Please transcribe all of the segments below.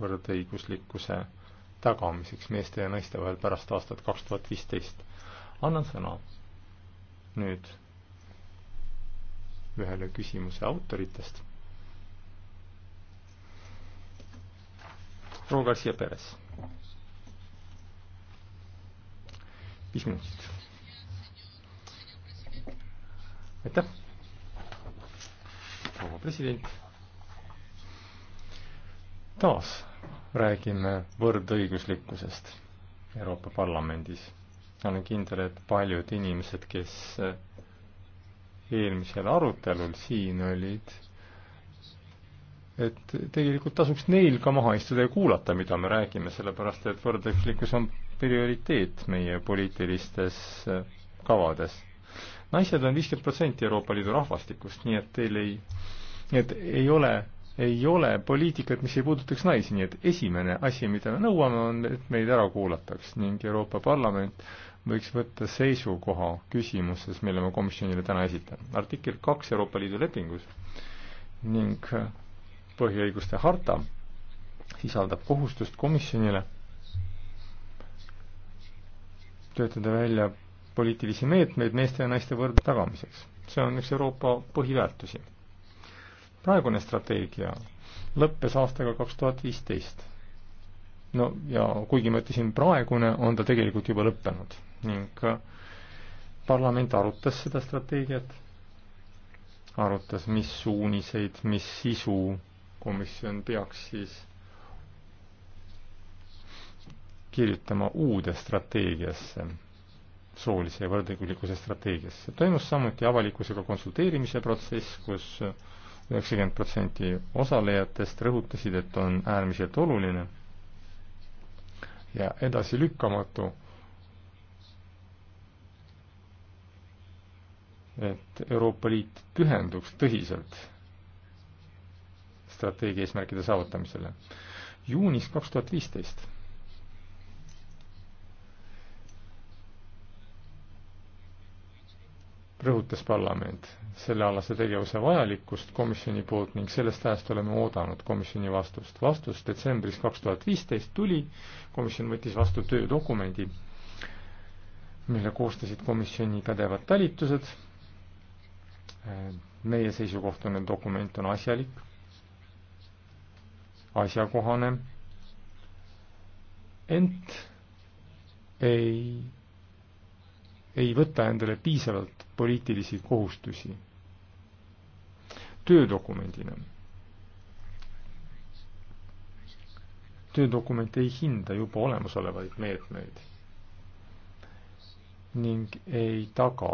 võrdõiguslikkuse tagamiseks meeste ja naiste vahel pärast aastat kaks tuhat viisteist. annan sõna nüüd ühele küsimuse autoritest. proua Garcia Perez. viis minutit. aitäh, proua president taas räägime võrdõiguslikkusest Euroopa Parlamendis. olen kindel, et paljud inimesed, kes eelmisel arutelul siin olid, et tegelikult tasuks neil ka maha istuda ja kuulata, mida me räägime, sellepärast et võrdõiguslikkus on prioriteet meie poliitilistes kavades. naised on viiskümmend protsenti Euroopa Liidu rahvastikust, nii et teil ei, nii et ei ole ei ole poliitikat, mis ei puudutaks naisi, nii et esimene asi, mida me nõuame, on, et meid ära kuulataks ning Euroopa Parlament võiks võtta seisukoha küsimuses, mille ma komisjonile täna esitan. artikkel kaks Euroopa Liidu lepingus ning põhiõiguste harta sisaldab kohustust komisjonile töötada välja poliitilisi meetmeid meeste ja naiste võrdle tagamiseks. see on üks Euroopa põhiväärtusi praegune strateegia lõppes aastaga kaks tuhat viisteist. no ja kuigi ma ütlesin praegune, on ta tegelikult juba lõppenud ning äh, parlament arutas seda strateegiat, arutas, mis suuniseid, mis sisu komisjon peaks siis kirjutama uude strateegiasse, soolise ja võrdõiguslikkuse strateegiasse. toimus samuti avalikkusega konsulteerimise protsess, kus üheksakümmend protsenti osalejatest rõhutasid, et on äärmiselt oluline ja edasilükkamatu, et Euroopa Liit pühenduks tõsiselt strateegia eesmärkide saavutamisele. juunis kaks tuhat viisteist rõhutas parlament sellealase tegevuse vajalikkust komisjoni poolt ning sellest ajast oleme oodanud komisjoni vastust. vastus detsembris kaks tuhat viisteist tuli, komisjon võttis vastu töödokumendi, mille koostasid komisjoni pädevad talitused. meie seisukohtune dokument on asjalik, asjakohane, ent ei, ei võta endale piisavalt poliitilisi kohustusi töödokumendina. töödokument ei hinda juba olemasolevaid meetmeid ning ei taga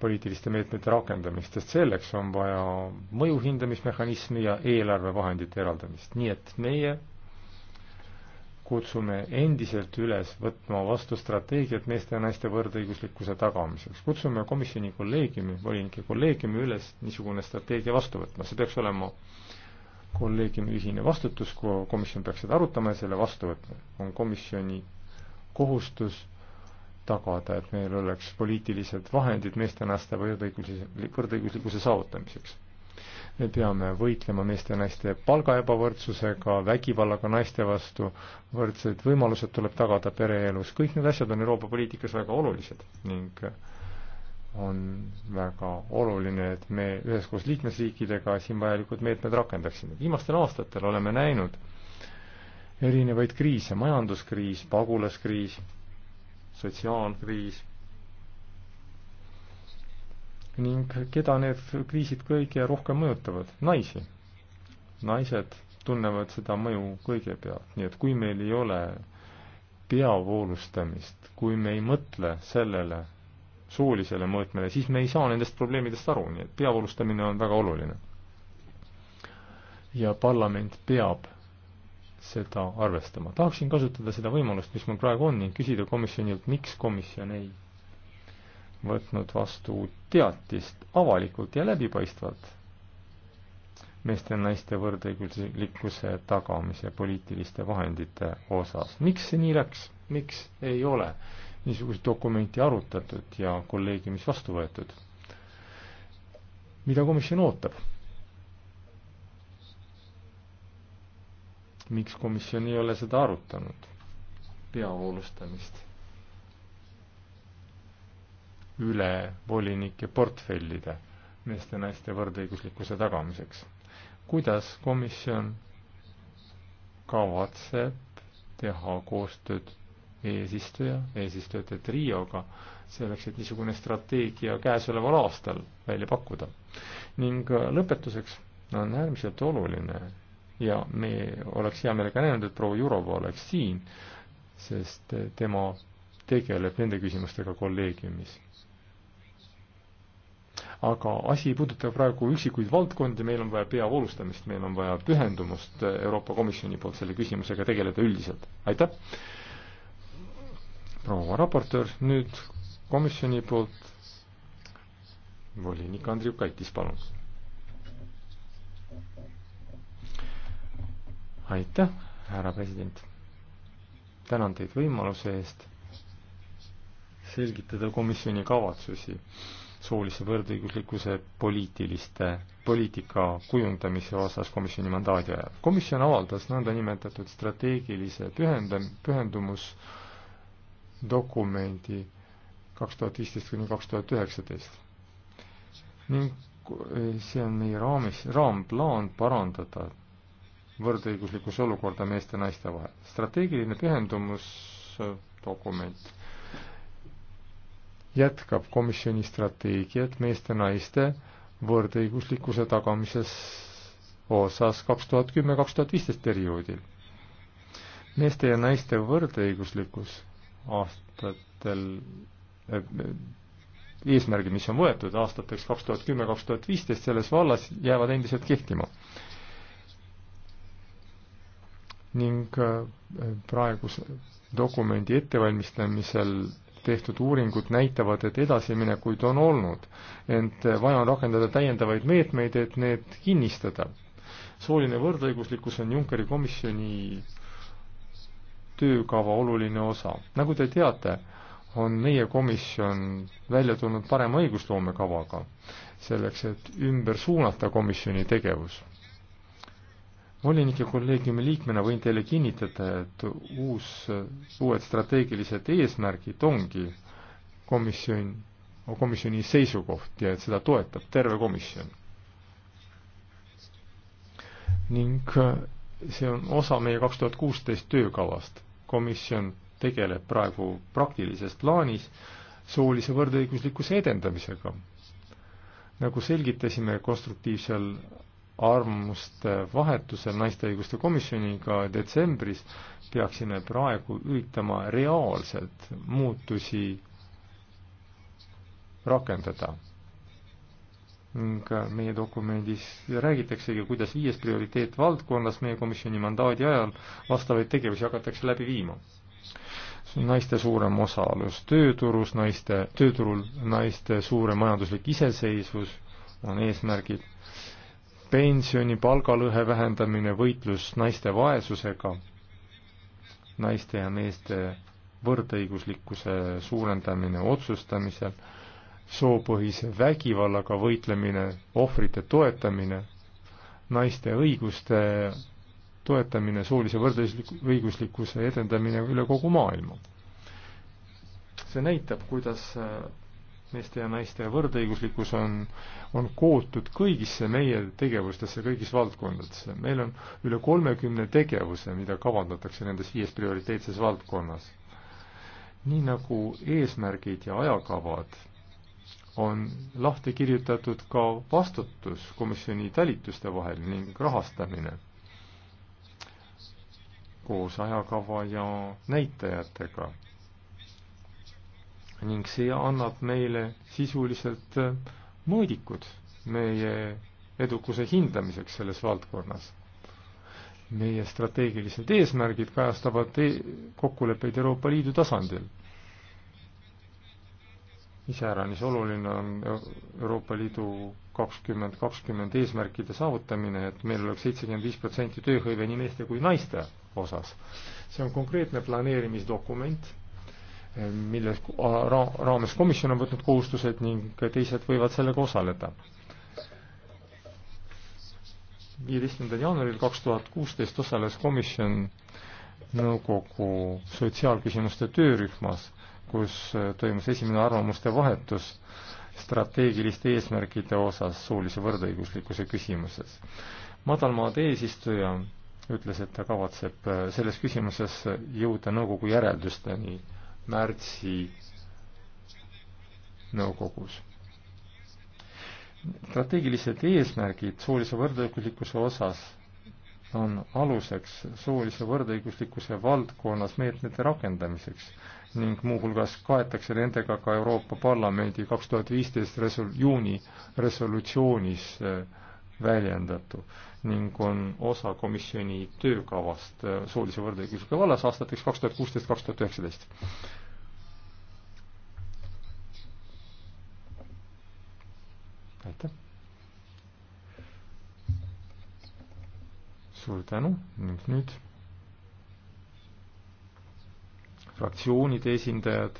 poliitiliste meetmete rakendamist, sest selleks on vaja mõju hindamismehhanismi ja eelarvevahendite eraldamist, nii et meie kutsume endiselt üles võtma vastu strateegiat meeste ja naiste võrdõiguslikkuse tagamiseks. kutsume komisjoni kolleegiumi, volinike kolleegiumi üles niisugune strateegia vastu võtma, see peaks olema kolleegiumi ühine vastutus, kui komisjon peaks seda arutama ja selle vastu võtma. on komisjoni kohustus tagada, et meil oleks poliitilised vahendid meeste ja naiste võrdõiguslikkuse, võrdõiguslikkuse saavutamiseks me peame võitlema meeste ja naiste palga ebavõrdsusega, vägivallaga naiste vastu, võrdsed võimalused tuleb tagada pereelus, kõik need asjad on Euroopa poliitikas väga olulised ning on väga oluline, et me üheskoos liikmesriikidega siin vajalikud meetmed rakendaksime. viimastel aastatel oleme näinud erinevaid kriise, majanduskriis, pagulaskriis, sotsiaalkriis ning keda need kriisid kõige rohkem mõjutavad? naisi. naised tunnevad seda mõju kõigepealt, nii et kui meil ei ole peavoolustamist, kui me ei mõtle sellele soolisele mõõtmele, siis me ei saa nendest probleemidest aru, nii et peavoolustamine on väga oluline. ja parlament peab seda arvestama. tahaksin kasutada seda võimalust, mis mul praegu on, ning küsida komisjonilt, miks komisjon ei võtnud vastu teatist avalikult ja läbipaistvalt meeste ja naiste võrdõiguslikkuse tagamise poliitiliste vahendite osas. miks see nii läks, miks ei ole niisugust dokumenti arutatud ja kolleegiumis vastu võetud? mida komisjon ootab? miks komisjon ei ole seda arutanud? peavoolustamist üle volinike portfellide meeste ja naiste võrdõiguslikkuse tagamiseks. kuidas komisjon kavatseb teha koostööd eesistuja, eesistujate trioga, selleks, et niisugune strateegia käesoleval aastal välja pakkuda. ning lõpetuseks on äärmiselt oluline ja me oleks hea meelega näinud, et proua Jurova oleks siin, sest tema tegeleb nende küsimustega kolleegiumis aga asi ei puuduta praegu üksikuid valdkondi, meil on vaja peavoolustamist, meil on vaja pühendumust Euroopa Komisjoni poolt selle küsimusega tegeleda üldiselt. aitäh! proua raportöör, nüüd komisjoni poolt volinik Andriukaitis, palun. aitäh, härra president. tänan teid võimaluse eest selgitada komisjoni kavatsusi soolise võrdõiguslikkuse poliitiliste, poliitika kujundamise osas komisjoni mandaadi ajal. komisjon avaldas nõndanimetatud strateegilise pühendam-, pühendumusdokumendi kaks tuhat viisteist kuni kaks tuhat üheksateist. ning see on meie raamis, raamplaan parandada võrdõiguslikkuse olukorda meeste ja naiste vahel. strateegiline pühendumusdokument jätkab komisjoni strateegiat meeste-naiste võrdõiguslikkuse tagamises osas kaks tuhat kümme, kaks tuhat viisteist perioodil. meeste ja naiste võrdõiguslikkus aastatel eh, eesmärgi, mis on võetud aastateks kaks tuhat kümme, kaks tuhat viisteist selles vallas, jäävad endiselt kehtima. ning eh, praeguse dokumendi ettevalmistamisel tehtud uuringud näitavad, et edasiminekuid on olnud, ent vaja on rakendada täiendavaid meetmeid, et need kinnistada. sooline võrdõiguslikkus on Junckeri komisjoni töökava oluline osa. nagu te teate, on meie komisjon välja tulnud parema õigusloome kavaga, selleks et ümber suunata komisjoni tegevus volinike kolleegiumi liikmena võin teile kinnitada, et uus, uued strateegilised eesmärgid ongi komisjon, komisjoni seisukoht ja et seda toetab terve komisjon. ning see on osa meie kaks tuhat kuusteist töökavast. komisjon tegeleb praegu praktilises plaanis soolise võrdõiguslikkuse edendamisega. nagu selgitasime konstruktiivsel arvamuste vahetusel naiste õiguste komisjoniga detsembris peaksime praegu üritama reaalselt muutusi rakendada. ning meie dokumendis räägitaksegi, kuidas viies prioriteetvaldkonnas meie komisjoni mandaadi ajal vastavaid tegevusi hakatakse läbi viima naiste suurem osalus tööturus, naiste, tööturul naiste suurem majanduslik iseseisvus on eesmärgid pensioni palgalõhe vähendamine, võitlus naiste vaesusega, naiste ja meeste võrdõiguslikkuse suurendamine otsustamisel, soopõhise vägivallaga võitlemine, ohvrite toetamine, naiste õiguste toetamine, soolise võrdõiguslikkuse edendamine üle kogu maailma. see näitab, kuidas meeste ja naiste võrdõiguslikkus on, on kootud kõigisse meie tegevustesse, kõigis valdkondadesse. meil on üle kolmekümne tegevuse, mida kavandatakse nendes viies prioriteetses valdkonnas. nii nagu eesmärgid ja ajakavad on lahti kirjutatud ka vastutus komisjoni talituste vahel ning rahastamine koos ajakava ja näitajatega ning see annab meile sisuliselt äh, mõõdikud meie edukuse hindamiseks selles valdkonnas. meie strateegilised eesmärgid kajastavad e kokkuleppeid Euroopa Liidu tasandil. iseäranis oluline on Euroopa Liidu kakskümmend kakskümmend eesmärkide saavutamine, et meil oleks seitsekümmend viis protsenti tööhõive nii meeste kui naiste osas. see on konkreetne planeerimisdokument milles ra-, raames komisjon on võtnud kohustused ning teised võivad sellega osaleda. viieteistkümnendal jaanuaril kaks tuhat kuusteist osales komisjon nõukogu sotsiaalküsimuste töörühmas, kus toimus esimene arvamuste vahetus strateegiliste eesmärkide osas soolise võrdõiguslikkuse küsimuses. madalmaade eesistuja ütles, et ta kavatseb selles küsimuses jõuda nõukogu järeldusteni märtsi nõukogus. strateegilised eesmärgid soolise võrdõiguslikkuse osas on aluseks soolise võrdõiguslikkuse valdkonnas meetmete rakendamiseks ning muuhulgas kaetakse nendega ka Euroopa Parlamendi kaks tuhat viisteist resol-, juuni resolutsioonis äh, väljendatu ning on osa komisjoni töökavast äh, soolise võrdõiguslikkuse vallas aastateks kaks tuhat kuusteist, kaks tuhat üheksateist aitäh. suur tänu ning nüüd fraktsioonide esindajad.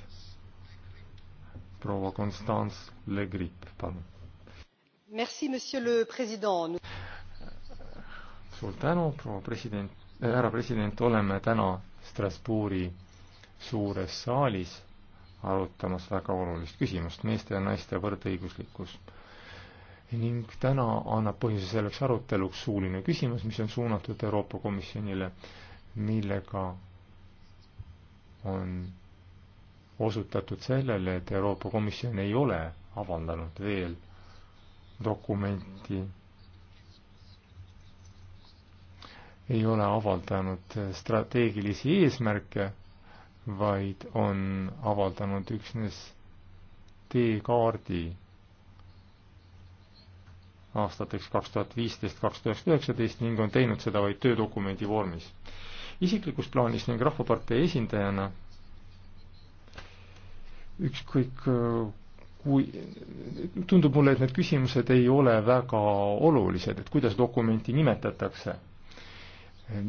proua Constance Le Grip, palun. Merci, monsieur le president. suur tänu, proua president, äh, härra president, oleme täna Strasbourgi suures saalis arutamas väga olulist küsimust, meeste ja naiste võrdõiguslikkus ning täna annab põhjuse selleks aruteluks suuline küsimus, mis on suunatud Euroopa Komisjonile, millega on osutatud sellele, et Euroopa Komisjon ei ole avaldanud veel dokumenti, ei ole avaldanud strateegilisi eesmärke, vaid on avaldanud üksnes teekaardi aastateks kaks tuhat viisteist, kaks tuhat üheksateist ning on teinud seda vaid töödokumendi vormis. isiklikus plaanis ning Rahvapartei esindajana ükskõik kui, tundub mulle, et need küsimused ei ole väga olulised, et kuidas dokumenti nimetatakse.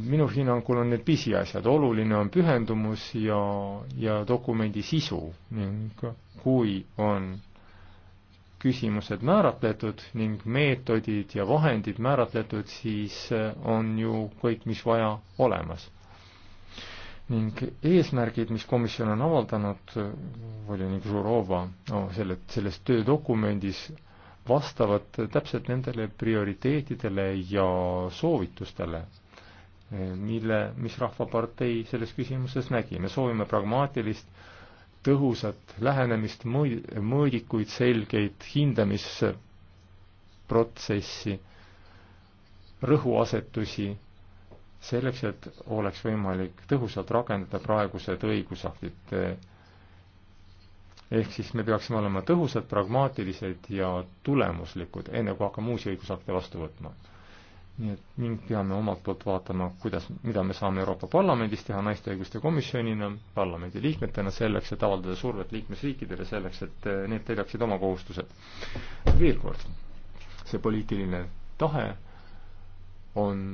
minu hinnangul on need pisiasjad, oluline on pühendumus ja, ja dokumendi sisu ning kui on küsimused määratletud ning meetodid ja vahendid määratletud, siis äh, on ju kõik, mis vaja, olemas. ning eesmärgid, mis komisjon on avaldanud, äh, volinik Žurova no, selle, selles töödokumendis, vastavad täpselt nendele prioriteetidele ja soovitustele, äh, mille, mis Rahvapartei selles küsimuses nägi, me soovime pragmaatilist tõhusat lähenemist, mõõdikuid, selgeid hindamisprotsessi, rõhuasetusi, selleks, et oleks võimalik tõhusalt rakendada praegused õigusaktid. ehk siis me peaksime olema tõhusad, pragmaatilised ja tulemuslikud, enne kui hakkame uusi õigusakte vastu võtma nii et ning peame omalt poolt vaatama, kuidas, mida me saame Euroopa Parlamendis teha naiste õiguste komisjonina, parlamendi liikmetena, selleks, et avaldada survet liikmesriikidele, selleks, et eh, need täidaksid oma kohustused. veel kord, see poliitiline tahe on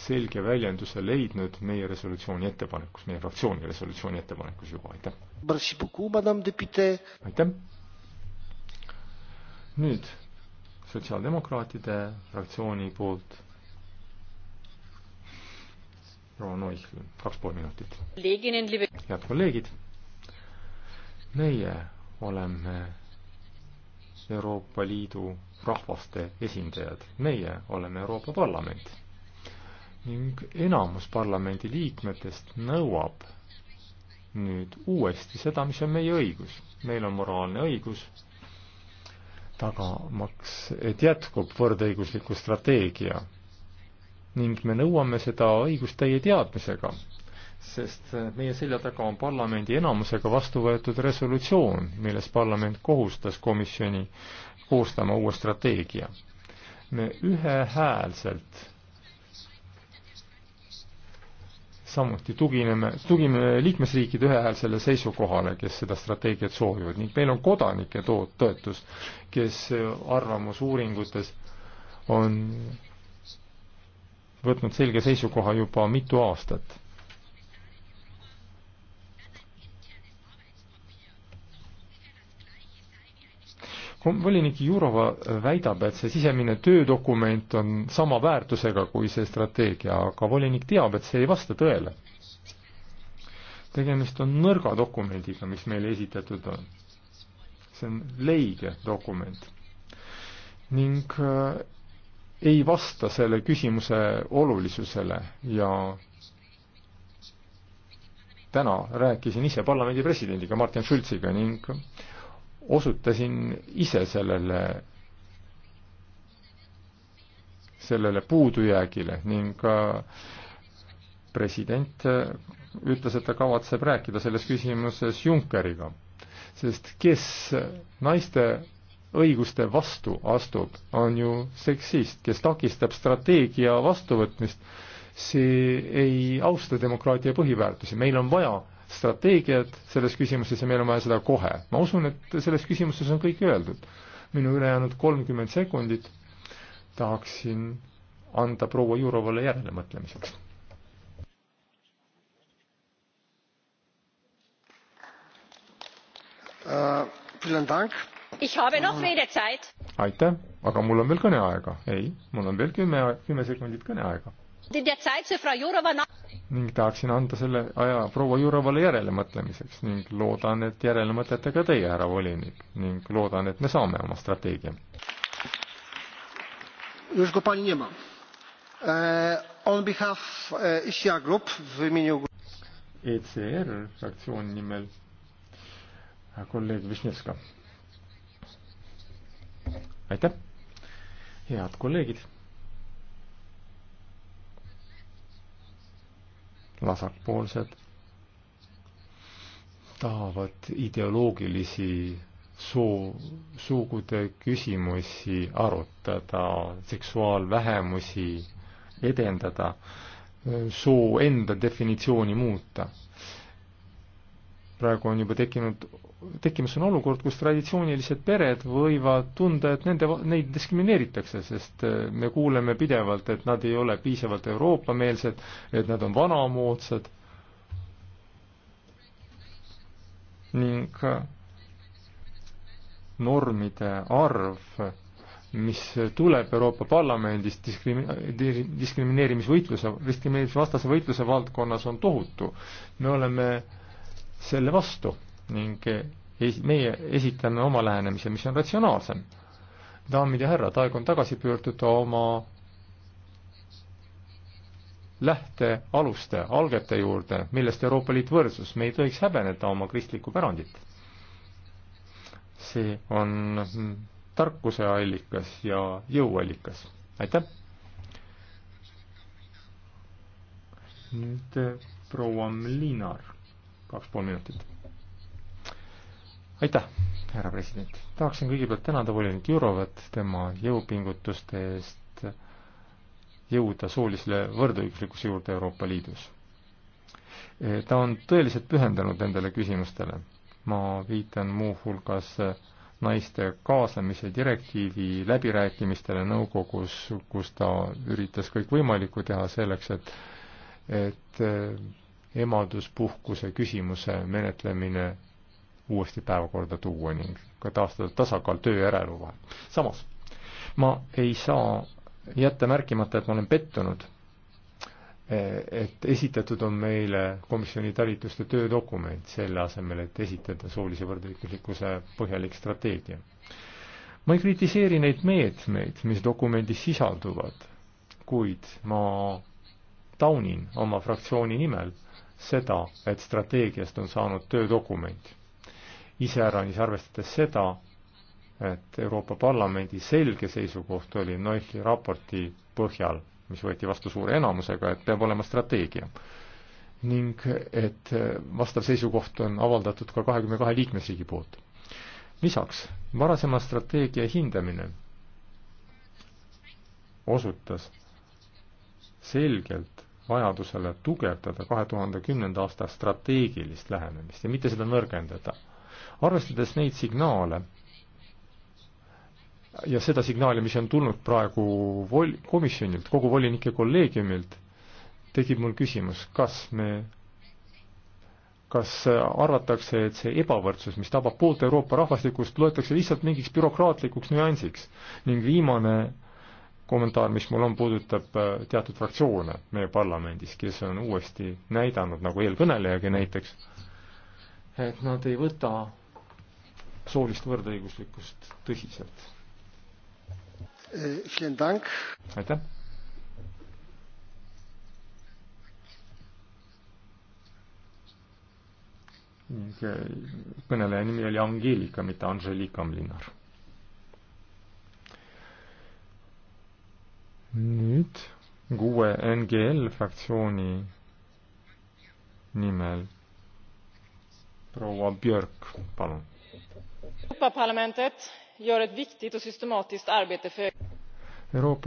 selge väljenduse leidnud meie resolutsiooni ettepanekus, meie fraktsiooni resolutsiooni ettepanekus juba, aitäh. aitäh. nüüd sotsiaaldemokraatide fraktsiooni poolt proua Noichel, kaks pool minutit. head kolleegid, meie oleme Euroopa Liidu rahvaste esindajad, meie oleme Euroopa Parlament ning enamus parlamendi liikmetest nõuab nüüd uuesti seda, mis on meie õigus. meil on moraalne õigus tagamaks, et jätkub võrdõigusliku strateegia ning me nõuame seda õigustäie teadmisega, sest meie selja taga on parlamendi enamusega vastu võetud resolutsioon, milles parlament kohustas komisjoni koostama uue strateegia. me ühehäälselt samuti tugineme, tugineme liikmesriikide ühehäälsele seisukohale, kes seda strateegiat soovivad ning meil on kodanike toot-, toetus, kes arvamusuuringutes on võtnud selge seisukoha juba mitu aastat. volinik Jurova väidab, et see sisemine töödokument on sama väärtusega kui see strateegia, aga volinik teab, et see ei vasta tõele. tegemist on nõrga dokumendiga, mis meile esitatud on. see on leige dokument ning äh, ei vasta selle küsimuse olulisusele ja täna rääkisin ise parlamendi presidendiga Martin Schulziga ning osutasin ise sellele, sellele puudujäägile ning ka president ütles, et ta kavatseb rääkida selles küsimuses Junckeriga, sest kes naiste õiguste vastu astub, on ju seksist, kes takistab strateegia vastuvõtmist, see ei austa demokraatia põhiväärtusi, meil on vaja strateegiat selles küsimuses ja meil on vaja seda kohe. ma usun, et selles küsimuses on kõik öeldud. minu ülejäänud kolmkümmend sekundit tahaksin anda proua Jurovale järelemõtlemiseks. Äh, aitäh, aga mul on veel kõneaega. ei, mul on veel kümme, kümme sekundit kõneaega ning tahaksin anda selle aja proua Jurovale järelemõtlemiseks ning loodan, et järele mõtlete ka teie, härra volinik, ning loodan, et me saame oma strateegia. ECR e, e, e fraktsiooni nimel kolleeg Višnevska. aitäh, head kolleegid vasakpoolsed tahavad ideoloogilisi soo, sugude küsimusi arutada, seksuaalvähemusi edendada, soo enda definitsiooni muuta. praegu on juba tekkinud tekkimas on olukord, kus traditsioonilised pered võivad tunda, et nende, neid diskrimineeritakse, sest äh, me kuuleme pidevalt, et nad ei ole piisavalt euroopameelsed, et nad on vanamoodsad ning äh, normide arv, mis tuleb Euroopa Parlamendis diskrimi-, diskrimineerimisvõitluse, diskrimineerimisvastase võitluse valdkonnas, on tohutu. me oleme selle vastu ning meie esitame oma lähenemise, mis on ratsionaalsem. daamid ja härrad, aeg on tagasi pöörduda oma lähtealuste, algete juurde, millest Euroopa Liit võrdsus, me ei tohiks häbeneda oma kristlikku pärandit. see on tarkuse allikas ja jõuallikas, aitäh! nüüd eh, proua Mlinar, kaks pool minutit aitäh, härra president. tahaksin kõigepealt tänada volinik Jurovat tema jõupingutuste eest jõuda soolisele võrdõiguslikkuse juurde Euroopa Liidus. ta on tõeliselt pühendunud nendele küsimustele. ma viitan muuhulgas naiste kaasamise direktiivi läbirääkimistele nõukogus, kus ta üritas kõik võimalikku teha selleks, et et emaduspuhkuse küsimuse menetlemine uuesti päevakorda tuua ning ka taastada tasakaal töö ja eraelu vahel. samas, ma ei saa jätta märkimata, et ma olen pettunud, et esitatud on meile komisjoni talituste töödokument, selle asemel, et esitada soolise võrdõiguslikkuse põhjalik strateegia. ma ei kritiseeri neid meetmeid, mis dokumendis sisalduvad, kuid ma taunin oma fraktsiooni nimel seda, et strateegiast on saanud töödokument iseäranis arvestades seda, et Euroopa Parlamendi selge seisukoht oli Neuchli raporti põhjal, mis võeti vastu suure enamusega, et peab olema strateegia. ning et vastav seisukoht on avaldatud ka kahekümne kahe liikmesriigi poolt. lisaks, varasema strateegia hindamine osutas selgelt vajadusele tugevdada kahe tuhande kümnenda aasta strateegilist lähenemist ja mitte seda nõrgendada arvestades neid signaale ja seda signaali, mis on tulnud praegu vol-, komisjonilt, kogu volinike kolleegiumilt, tekib mul küsimus, kas me, kas arvatakse, et see ebavõrdsus, mis tabab poolt Euroopa rahvastikust, loetakse lihtsalt mingiks bürokraatlikuks nüansiks ning viimane kommentaar, mis mul on, puudutab äh, teatud fraktsioone meie parlamendis, kes on uuesti näidanud, nagu eelkõnelejagi näiteks, et nad ei võta soolist võrdõiguslikkust tõsiselt. aitäh. ning eh, kõneleja nimi oli Angeelika, mitte Anželika Mlinar. nüüd kuue NGL fraktsiooni nimel proua Björk, palun Euroopa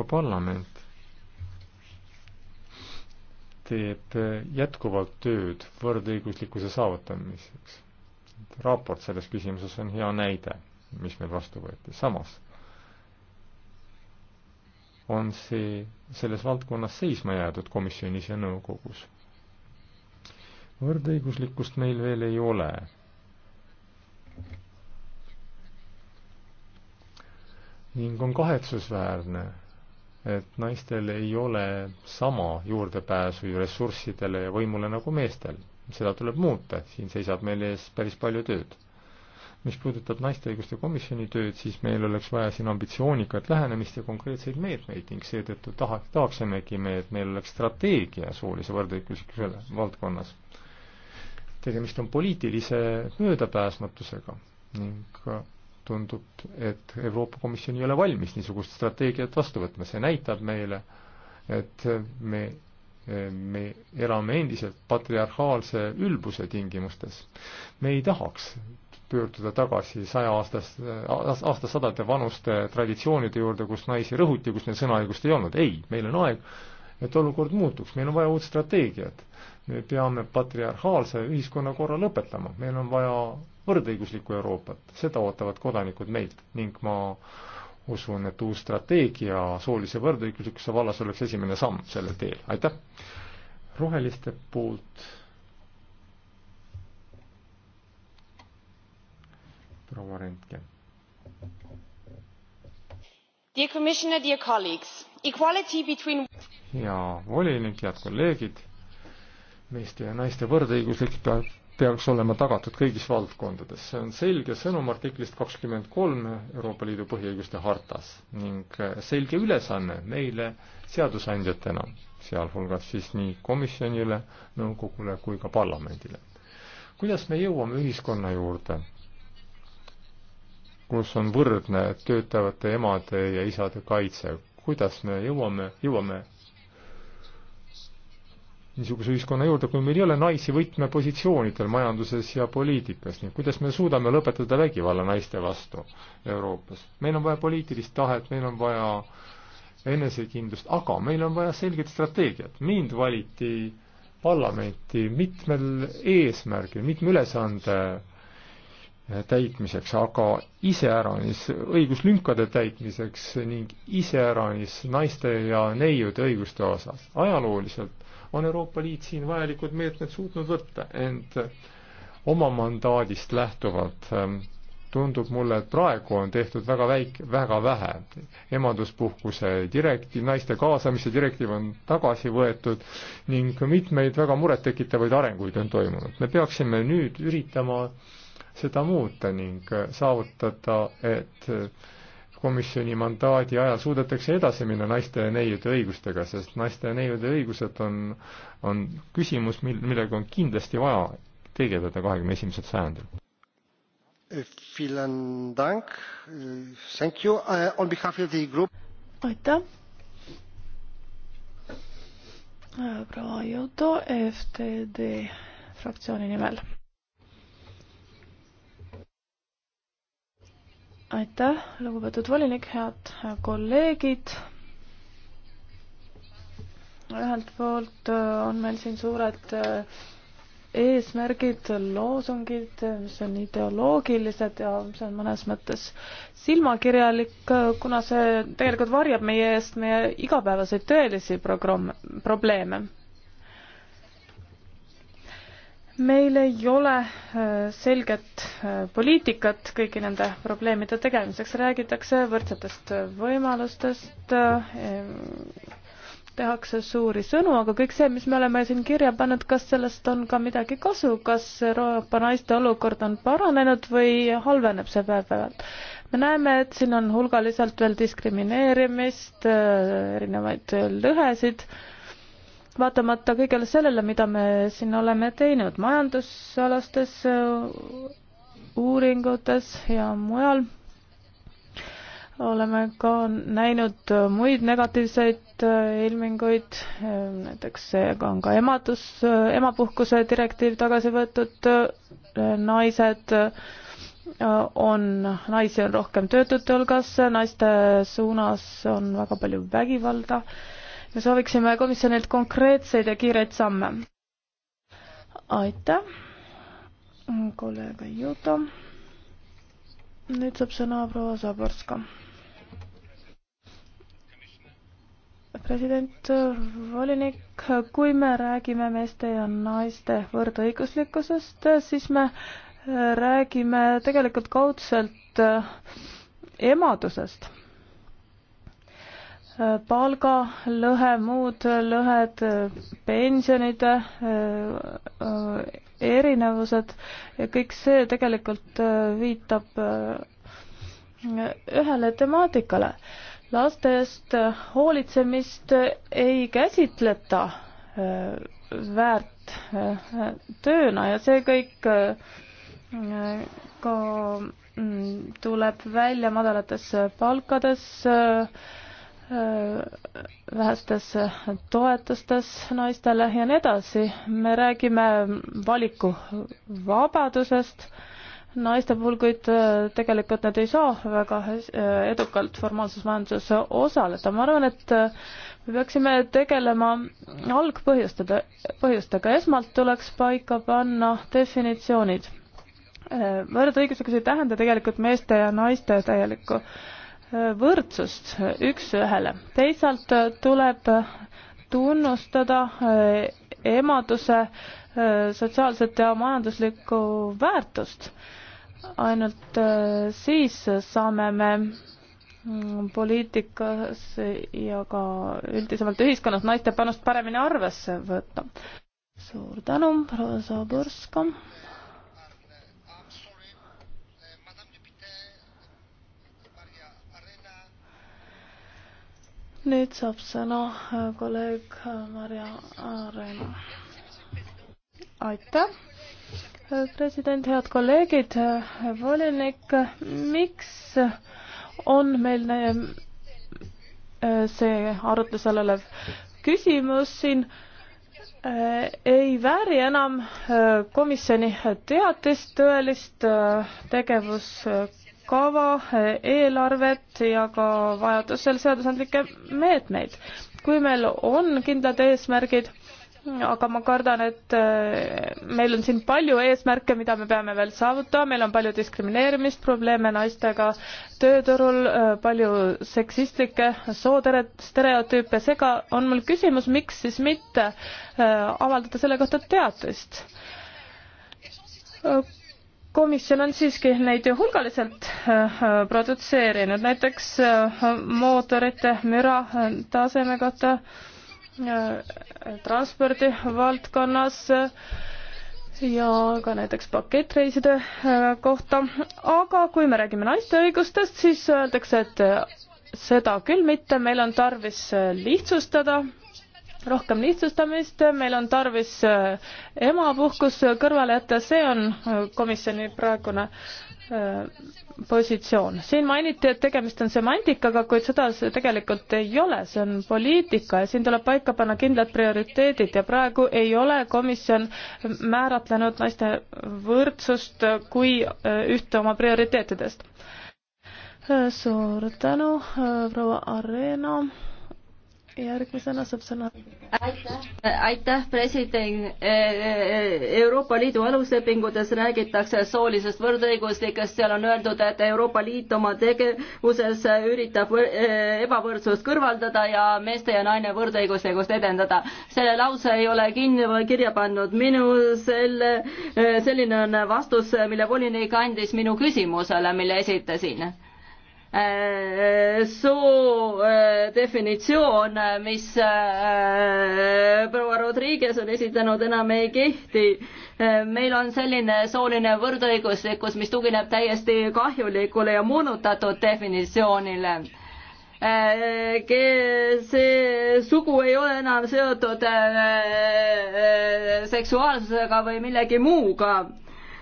Parlament teeb eh, jätkuvalt tööd võrdõiguslikkuse saavutamiseks. raport selles küsimuses on hea näide, mis meil vastu võeti. samas on see selles valdkonnas seisma jäädud komisjonis ja nõukogus. võrdõiguslikkust meil veel ei ole ning on kahetsusväärne, et naistel ei ole sama juurdepääsu ju ressurssidele ja võimule nagu meestel. seda tuleb muuta, siin seisab meil ees päris palju tööd. mis puudutab naiste õiguste komisjoni tööd, siis meil oleks vaja siin ambitsioonikat lähenemist ja konkreetseid meetmeid ning seetõttu taha, tahaksimegi me, et meil oleks strateegia soolise võrdõiguslikkuse valdkonnas. tegemist on poliitilise möödapääsmatusega ning tundub, et Euroopa Komisjon ei ole valmis niisugust strateegiat vastu võtma, see näitab meile, et me, me elame endiselt patriarhaalse ülbuse tingimustes. me ei tahaks pöörduda tagasi sajaaastas, aastasadade vanuste traditsioonide juurde, kus naisi rõhuti, kus neil sõnaõigust ei olnud. ei, meil on aeg et olukord muutuks, meil on vaja uut strateegiat. me peame patriarhaalse ühiskonnakorra lõpetama, meil on vaja võrdõiguslikku Euroopat, seda ootavad kodanikud meilt ning ma usun, et uus strateegia soolise võrdõiguslikkuse vallas oleks esimene samm sellel teel, aitäh! roheliste poolt proua Rentgen hea volinik, head kolleegid, meeste ja naiste võrdõiguslik peab, peaks olema tagatud kõigis valdkondades. see on selge sõnum artiklist kakskümmend kolm Euroopa Liidu põhiõiguste hartas ning selge ülesanne meile seadusandjatena, sealhulgas siis nii komisjonile, nõukogule kui ka parlamendile. kuidas me jõuame ühiskonna juurde, kus on võrdne töötavate emade ja isade kaitse. kuidas me jõuame, jõuame niisuguse ühiskonna juurde, kui meil ei ole naisi võtmepositsioonidel majanduses ja poliitikas, nii kuidas me suudame lõpetada vägivalla naiste vastu Euroopas? meil on vaja poliitilist tahet, meil on vaja enesekindlust, aga meil on vaja selget strateegiat. mind valiti parlamenti mitmel eesmärgil, mitme ülesande täitmiseks, aga iseäranis õiguslünkade täitmiseks ning iseäranis naiste ja neiude õiguste osas. ajalooliselt on Euroopa Liit siin vajalikud meetmed suutnud võtta, ent oma mandaadist lähtuvalt ähm, tundub mulle, et praegu on tehtud väga väike, väga vähe. emaduspuhkuse direktiiv, naiste kaasamise direktiiv on tagasi võetud ning mitmeid väga murettekitavaid arenguid on toimunud. me peaksime nüüd üritama äh, seda muuta ning saavutada, et komisjoni mandaadi ajal suudetakse edasi minna naiste ja neiude õigustega, sest naiste ja neiude õigused on, on küsimus, mil, millega on kindlasti vaja tegeleda kahekümne esimesel sajandil. Uh, aitäh. Uh, proua Juto FTD fraktsiooni nimel. aitäh, lugupeetud volinik, head kolleegid. ühelt poolt äh, on meil siin suured äh, eesmärgid, loosungid, mis on ideoloogilised ja see on mõnes mõttes silmakirjalik, äh, kuna see tegelikult varjab meie eest meie igapäevaseid tõelisi programme, probleeme meil ei ole äh, selget äh, poliitikat kõigi nende probleemide tegemiseks, räägitakse võrdsetest võimalustest, äh, tehakse suuri sõnu, aga kõik see, mis me oleme siin kirja pannud, kas sellest on ka midagi kasu, kas Euroopa naiste olukord on paranenud või halveneb see päev-päevalt? me näeme, et siin on hulgaliselt veel diskrimineerimist, erinevaid lõhesid vaatamata kõigele sellele, mida me siin oleme teinud majandusalastes äh, uuringutes ja mujal, oleme ka näinud muid negatiivseid äh, ilminguid, äh, näiteks seega on ka emadus, emapuhkuse direktiiv tagasi võetud, naised on, naisi on rohkem töötute hulgas, naiste suunas on väga palju vägivalda äh, me sooviksime komisjonilt konkreetseid ja kiireid samme. aitäh, kolleeg Juto. nüüd saab sõna proua Zaborska. president, volinik, kui me räägime meeste ja naiste võrdõiguslikkusest, siis me räägime tegelikult kaudselt emadusest palgalõhe, muud lõhed, pensionide erinevused ja kõik see tegelikult äh, viitab äh, ühele temaatikale. laste eest hoolitsemist ei käsitleta äh, väärt tööna ja see kõik ka mm, tuleb välja madalates palkades Äh, vähestes toetustes naistele ja nii edasi. me räägime valikuvabadusest naiste puhul, kuid äh, tegelikult nad ei saa väga äh, edukalt formaalses majanduses osaleda. ma arvan, et me peaksime tegelema algpõhjustega, põhjustega. esmalt tuleks paika panna definitsioonid. võrdõiguslikkus ei tähenda tegelikult meeste ja naiste täielikku võrdsust üks-ühele. teisalt tuleb tunnustada eh, emaduse eh, sotsiaalset ja majanduslikku väärtust. ainult eh, siis saame me mm, poliitikas ja ka üldisemalt ühiskonnas naiste panust paremini arvesse võtta. suur tänu, proua Zaborska. nüüd saab sõna äh, kolleeg äh, Marja Arena. aitäh, äh, president, head kolleegid, volinik, miks on meil see arutlusel olev küsimus siin ei vääri enam komisjoni teatist tõelist tegevus kava, eelarvet ja ka vajadusel seadusandlikke meetmeid. kui meil on kindlad eesmärgid, aga ma kardan, et eh, meil on siin palju eesmärke, mida me peame veel saavutama, meil on palju diskrimineerimist, probleeme naistega tööturul, eh, palju seksistlikke soostereotüüpe, seega on mul küsimus, miks siis mitte eh, avaldada selle kohta teatist komisjon on siiski neid ju hulgaliselt äh, produtseerinud, näiteks äh, mootorite müra äh, taseme kohta transpordi valdkonnas ja ka näiteks pakettreiside kohta, aga kui me räägime naiste õigustest, siis öeldakse, et seda küll mitte, meil on tarvis lihtsustada rohkem lihtsustamist, meil on tarvis äh, emapuhkus kõrvale jätta, see on äh, komisjoni praegune äh, positsioon. siin mainiti, et tegemist on semantikaga, kuid seda see tegelikult ei ole, see on poliitika ja siin tuleb paika panna kindlad prioriteedid ja praegu ei ole komisjon määratlenud naiste võrdsust kui ühte oma prioriteetidest. suur tänu, proua Arena järgmisena saab sõna. aitäh, aitäh, president. E, e, e, Euroopa Liidu aluslepingutes räägitakse soolisest võrdõiguslikest, seal on öeldud, et Euroopa Liit oma tegevuses üritab ebavõrdsust kõrvaldada ja meeste ja naine võrdõiguslikkust edendada. selle lause ei ole kinni või kirja pannud minu selle, selline on vastus, mille volinik andis minu küsimusele, mille esitasin Äh, äh, soo äh, definitsioon, mis proua Rodriguez on esitanud, enam ei kehti. meil on selline sooline võrdõiguslikkus, mis tugineb täiesti kahjulikule ja moonutatud definitsioonile see sugu ei ole enam seotud seksuaalsusega või millegi muuga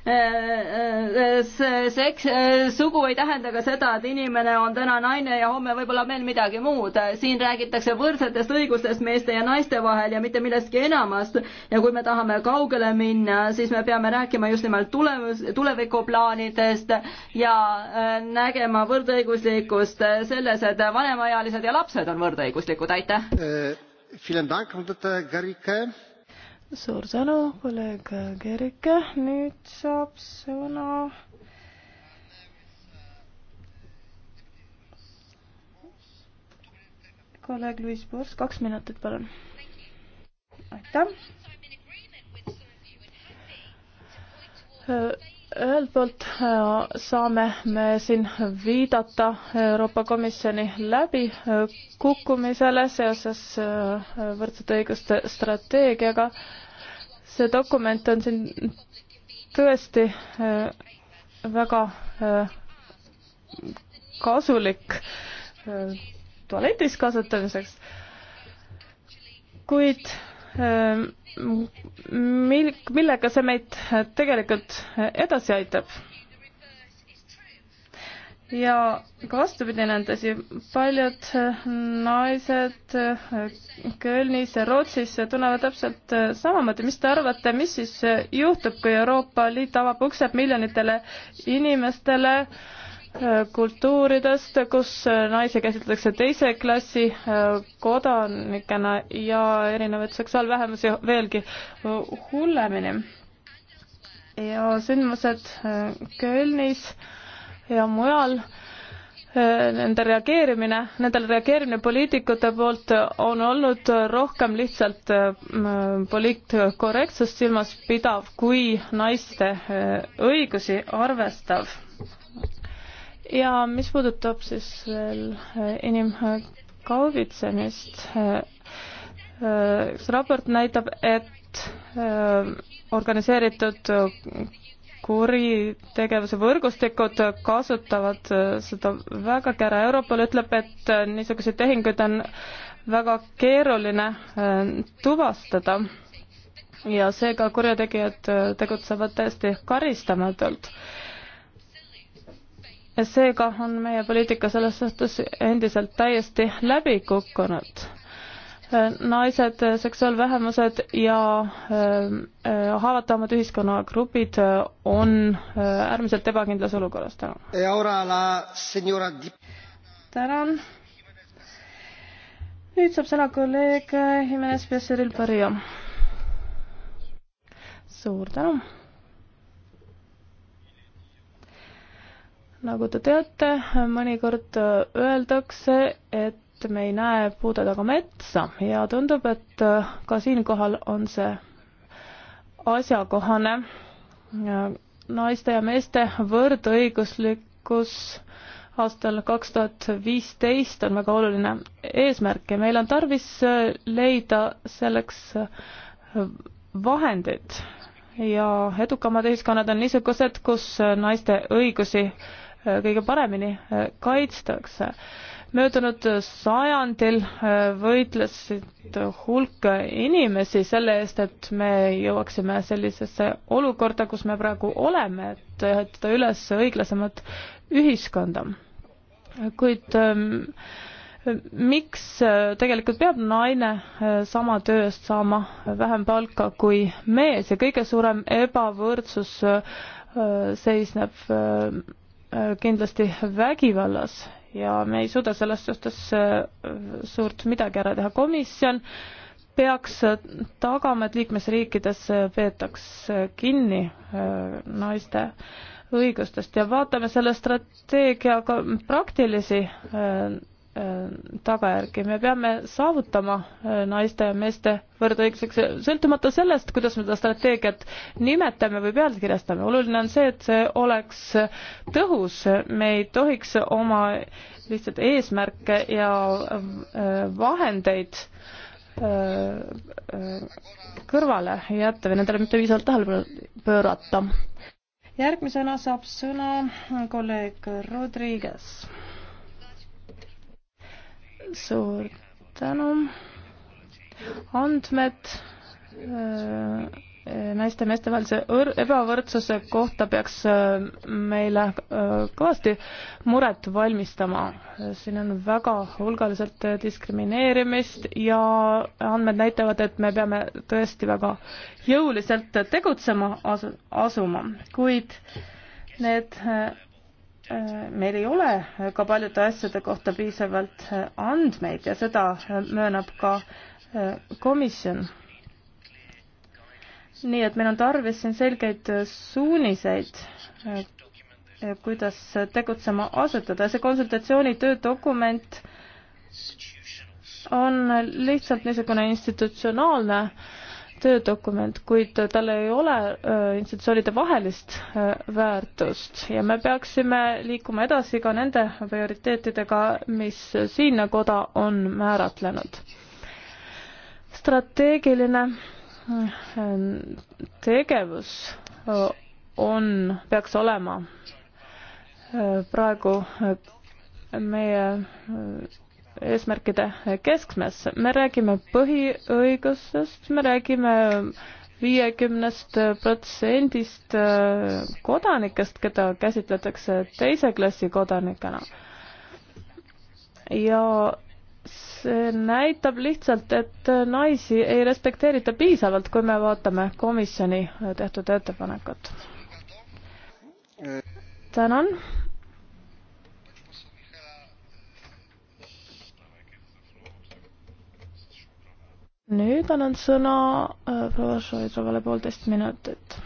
Äh, äh, seks, äh, sugu ei tähenda ka seda, et inimene on täna naine ja homme võib-olla veel midagi muud. siin räägitakse võrdsetest õigustest meeste ja naiste vahel ja mitte millestki enamast. ja kui me tahame kaugele minna, siis me peame rääkima just nimelt tulemus, tulevikuplaanidest ja nägema võrdõiguslikkust selles, et vanemaealised ja lapsed on võrdõiguslikud, aitäh äh, suur tänu, kolleeg Kerike, nüüd saab sõna kolleeg Luis Pors, kaks minutit, palun. aitäh ühelt poolt äh, saame me siin viidata Euroopa Komisjoni läbikukkumisele seoses äh, võrdsete õiguste strateegiaga. see dokument on siin tõesti äh, väga kasulik tualetis kasutamiseks, kuid mil-, millega see meid tegelikult edasi aitab. ja ka vastupidine on tõsi, paljud naised Kölnis ja Rootsis tunnevad täpselt samamoodi, mis te arvate, mis siis juhtub, kui Euroopa Liit avab uksed miljonitele inimestele äh, kultuuridest, kus naisi käsitletakse teise klassi äh, kodanikena ja erinevaid seksuaalvähemusi veelgi hullemini. ja sündmused äh, Kölnis ja mujal äh, nende reageerimine, nendele reageerimine poliitikute poolt on olnud rohkem lihtsalt poliitkorrektsust silmas pidav kui naiste õigusi arvestav ja mis puudutab siis veel äh, inimkaubitsemist, üks äh, äh, raport näitab, et organiseeritud kuritegevuse võrgustikud kasutavad seda vägagi ära. Europol ütleb, et niisuguseid tehinguid on väga keeruline tuvastada ja seega kurjategijad tegutsevad täiesti karistamatult seega on meie poliitika selles suhtes endiselt täiesti läbi kukkunud. naised, seksuaalvähemused ja ähm, äh, haavatavamad ühiskonnagrupid äh, on äh, äärmiselt ebakindlas olukorras täna. tänan. nüüd saab sõna kolleeg Jimenez Becerril Barrio. suur tänu nagu te teate, mõnikord öeldakse, et me ei näe puude taga metsa ja tundub, et ka siinkohal on see asjakohane. naiste ja meeste võrdõiguslikkus aastal kaks tuhat viisteist on väga oluline eesmärk ja meil on tarvis leida selleks vahendid ja edukamad ühiskonnad on niisugused, kus naiste õigusi kõige paremini äh, kaitstakse. möödunud sajandil äh, võitlesid hulk inimesi selle eest, et me jõuaksime sellisesse olukorda, kus me praegu oleme, et ehitada üles õiglasemat ühiskonda. kuid ähm, miks tegelikult peab naine äh, sama töö eest saama vähem palka kui mees ja kõige suurem ebavõrdsus seisneb Äh, kindlasti vägivallas ja me ei suuda selles suhtes äh, suurt midagi ära teha. komisjon peaks äh, tagama, et liikmesriikides peetaks kinni naiste õigustest ja vaatame selle strateegiaga praktilisi Äh, tagajärgi, me peame saavutama äh, naiste ja meeste võrdõiguseks, sõltumata sellest, kuidas me seda strateegiat nimetame või pealkirjastame, oluline on see, et see oleks tõhus, me ei tohiks oma lihtsalt eesmärke ja äh, vahendeid kõrvale jätta või nendele mitte piisavalt tähelepanu pöörata. järgmisena saab sõna kolleeg Rodriguez suur tänu. andmed äh, naiste ja meeste vahelise ebavõrdsuse kohta peaks äh, meile äh, kõvasti muret valmistama. siin on väga hulgaliselt diskrimineerimist ja andmed näitavad, et me peame tõesti väga jõuliselt tegutsema asu-, asuma, kuid need meil ei ole ka paljude asjade kohta piisavalt äh, andmeid ja seda äh, möönab ka äh, komisjon. nii et meil on tarvis siin selgeid suuniseid, kuidas tegutsema asetada. see konsultatsioonitöö dokument on lihtsalt niisugune institutsionaalne äh, töödokument, kuid tal ei ole äh, institutsioonide vahelist äh, väärtust ja me peaksime liikuma edasi ka nende prioriteetidega, mis siinne koda on määratlenud. strateegiline äh, tegevus on, peaks olema praegu meie eesmärkide keskmesse. me räägime põhiõigusest, me räägime viiekümnest protsendist äh, kodanikest, keda käsitletakse teise klassi kodanikena. ja see näitab lihtsalt, et naisi ei respekteerita piisavalt, kui me vaatame komisjoni tehtud ettepanekut. tänan nüüd annan sõna äh, proua Šoidrovale poolteist minutit.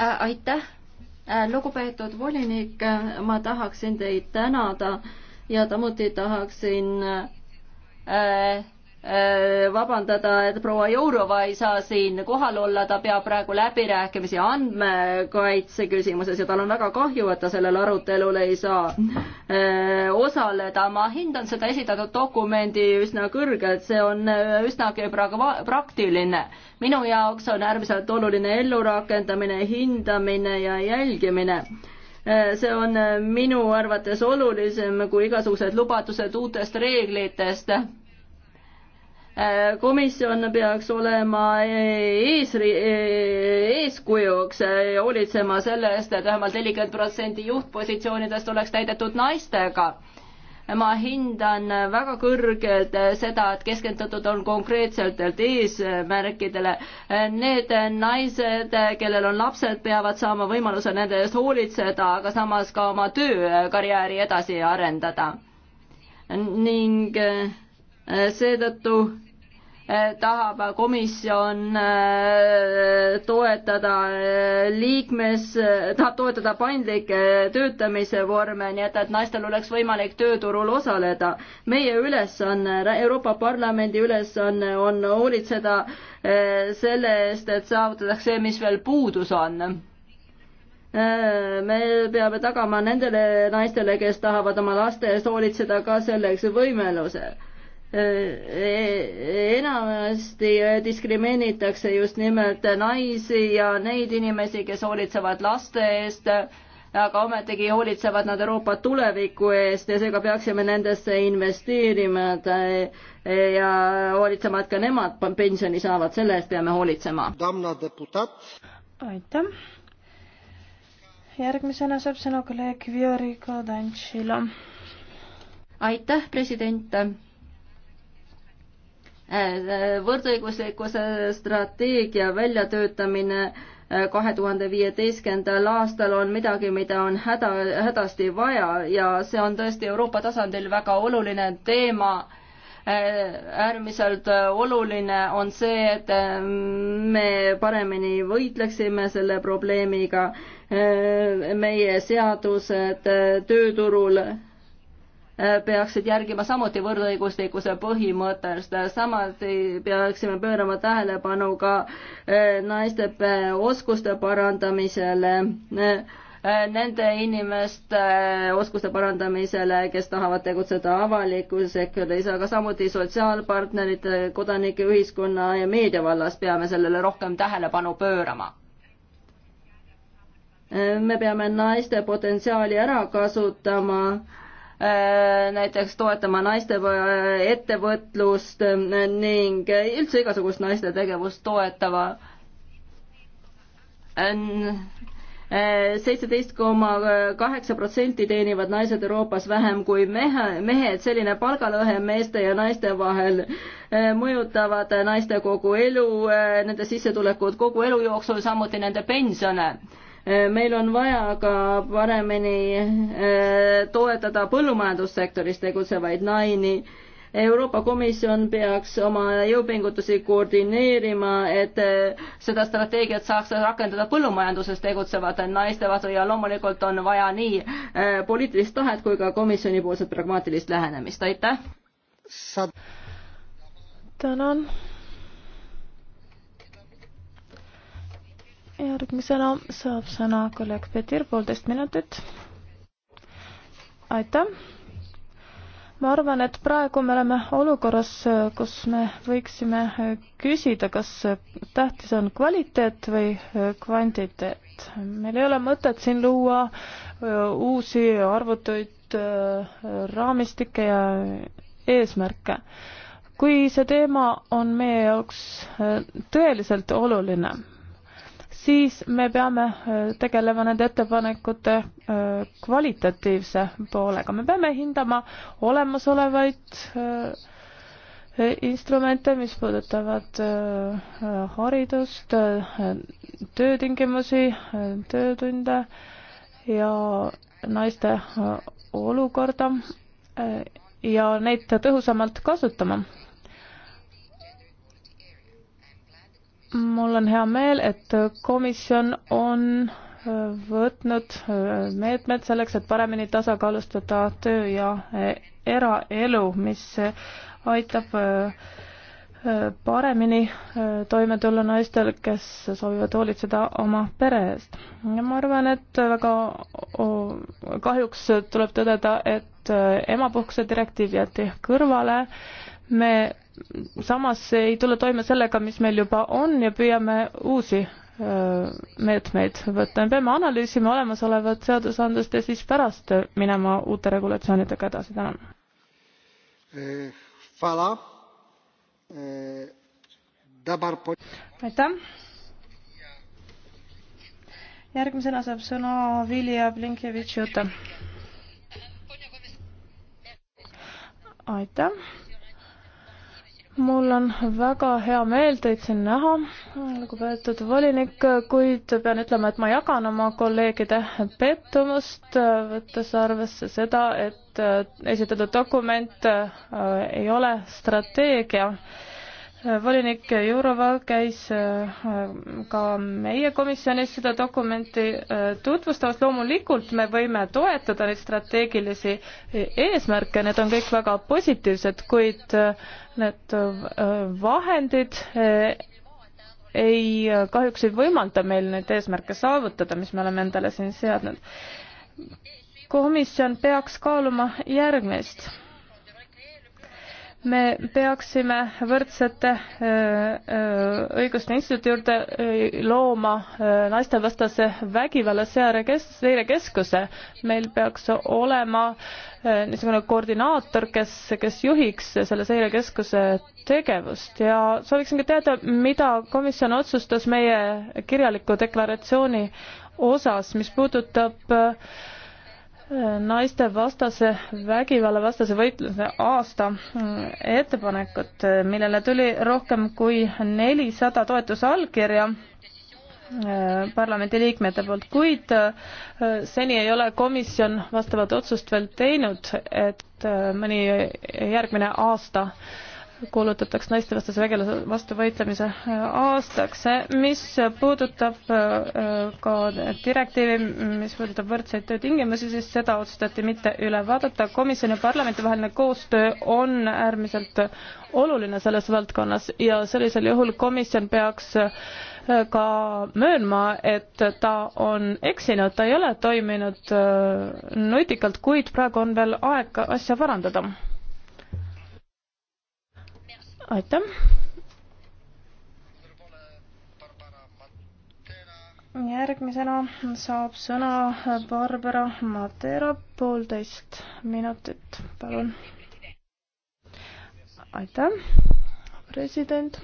Äh, aitäh, äh, lugupeetud volinik, ma tahaksin teid tänada ja samuti tahaksin äh, Äh, vabandada, et proua Jourova ei saa siin kohal olla, ta peab praegu läbirääkimisi andmekaitse küsimuses ja tal on väga kahju, et ta sellel arutelul ei saa äh, osaleda. ma hindan seda esitatud dokumendi üsna kõrgelt, see on äh, üsnagi pra praktiline. minu jaoks on äärmiselt oluline ellurakendamine, hindamine ja jälgimine see on minu arvates olulisem kui igasugused lubadused uutest reeglitest komisjon peaks olema ees, eeskujuks ja hoolitsema selle eest, et vähemalt nelikümmend protsenti juhtpositsioonidest oleks täidetud naistega. ma hindan väga kõrgelt seda, et keskendutud on konkreetselt eesmärkidele. Need naised, kellel on lapsed, peavad saama võimaluse nende eest hoolitseda, aga samas ka oma töökarjääri edasi arendada. ning seetõttu tahab komisjon äh, toetada äh, liikmes, tahab toetada paindlikke töötamise vorme, nii et, et naistel oleks võimalik tööturul osaleda. meie ülesanne, Euroopa Parlamendi ülesanne on hoolitseda äh, selle eest, et saavutatakse see, mis veel puudus on me peame tagama nendele naistele, kes tahavad oma laste eest hoolitseda, ka selleks võimaluse Äh, enamasti äh, diskrimineeritakse just nimelt naisi ja neid inimesi, kes hoolitsevad laste eest, aga ometigi hoolitsevad nad Euroopa tuleviku eest ja seega peaksime nendesse investeerima äh, ja hoolitsema, et ka nemad pensioni saavad, selle eest peame hoolitsema. aitäh. järgmisena saab sõna kolleeg Vioriga Dantsila. aitäh, president võrdõiguslikkuse strateegia väljatöötamine äh, kahe tuhande viieteistkümnendal aastal on midagi, mida on häda, hädasti vaja ja see on tõesti Euroopa tasandil väga oluline teema. Äh, äärmiselt oluline on see, et äh, me paremini võitleksime selle probleemiga. meie seadused tööturul peaksid järgima samuti võrdõiguslikkuse põhimõttest, samuti peaksime pöörama tähelepanu ka eh, naiste eh, oskuste parandamisele, eh, nende inimeste oskuste parandamisele, kes tahavad tegutseda avalikus sektoris, aga samuti sotsiaalpartnerite, kodanike, ühiskonna ja meedia vallas peame sellele rohkem tähelepanu pöörama me peame naiste potentsiaali ära kasutama Äh, näiteks toetama naiste äh, ettevõtlust äh, ning üldse igasugust naiste tegevust toetava seitseteist koma kaheksa protsenti teenivad naised Euroopas vähem kui mehe, mehed, selline palgalõhe meeste ja naiste vahel mõjutavad naiste kogu elu, nende sissetulekud kogu elu jooksul, samuti nende pensione Äh, meil on vaja ka paremini äh, toetada põllumajandussektoris tegutsevaid naini. Euroopa Komisjon peaks oma jõupingutusi koordineerima, et äh, seda strateegiat saaks rakendada põllumajanduses tegutsevate naiste vastu ja loomulikult on vaja nii poliitilist tahet kui ka komisjonipoolset pragmaatilist lähenemist, aitäh! tänan järgmisena saab sõna kolleeg Petir, poolteist minutit. aitäh. ma arvan, et praegu me oleme olukorras, kus me võiksime küsida, kas tähtis on kvaliteet või kvantiteet. meil ei ole mõtet siin luua äh, uusi arvutuid, äh, raamistikke ja eesmärke kui see teema on meie jaoks äh, tõeliselt oluline, siis me peame äh, tegelema nende ettepanekute äh, kvalitatiivse poolega. me peame hindama olemasolevaid äh, instrumente, mis puudutavad haridust, töötingimusi, töötunde ja naiste olukorda ja neid tõhusamalt kasutama mul on hea meel, et komisjon on äh, võtnud äh, meetmed selleks, et paremini tasakaalustada töö ja äh, eraelu, mis aitab paremini toime tulla naistel, kes soovivad hoolitseda oma pere eest. ja ma arvan, et väga kahjuks tuleb tõdeda, et emapuhkuse direktiiv jäeti kõrvale. me samas ei tule toime sellega, mis meil juba on ja püüame uusi meetmeid võtta. me peame analüüsima olemasolevat seadusandlust ja siis pärast minema uute regulatsioonidega edasi. tänan. Eh, eh, aitäh. järgmisena saab sõna Vilja Blinkevitš-Juta. aitäh mul on väga hea meel teid siin näha, lugupeetud volinik, kuid pean ütlema, et ma jagan oma kolleegide pettumust, võttes arvesse seda, et äh, esitatud dokument äh, ei ole strateegia volinik Jurova käis äh, ka meie komisjonis seda dokumenti äh, tutvustamas. loomulikult me võime toetada neid strateegilisi eesmärke, need on kõik väga positiivsed, kuid äh, need vahendid ei, kahjuks ei võimalda meil neid eesmärke saavutada, mis me oleme endale siin seadnud. komisjon peaks kaaluma järgmist me peaksime võrdsete äh, äh, õiguste instituuti juurde äh, looma naistevastase vägivalla seirekeskuse. meil peaks olema niisugune koordinaator, kes, kes juhiks selle seirekeskuse tegevust ja sooviksingi teada, mida komisjon otsustas meie kirjaliku deklaratsiooni osas, mis puudutab äh, naiste vastase, vägivalla vastase võitluse aasta ettepanekut, millele tuli rohkem kui nelisada toetusallkirja äh, parlamendiliikmete poolt, kuid äh, seni ei ole komisjon vastavat otsust veel teinud, et äh, mõni järgmine aasta kuulutatakse naistevastase vägilase vastu võitlemise äh, aastaks. Äh, mis puudutab äh, ka direktiivi, mis puudutab võrdseid töötingimusi, siis seda otsustati mitte üle vaadata. komisjoni ja parlamendi vaheline koostöö on äärmiselt oluline selles valdkonnas ja sellisel juhul komisjon peaks ka möönma, et ta on eksinud, ta ei ole toiminud nutikalt, kuid praegu on veel aeg asja parandada aitäh. järgmisena saab sõna Barbara Matera, poolteist minutit, palun. aitäh, president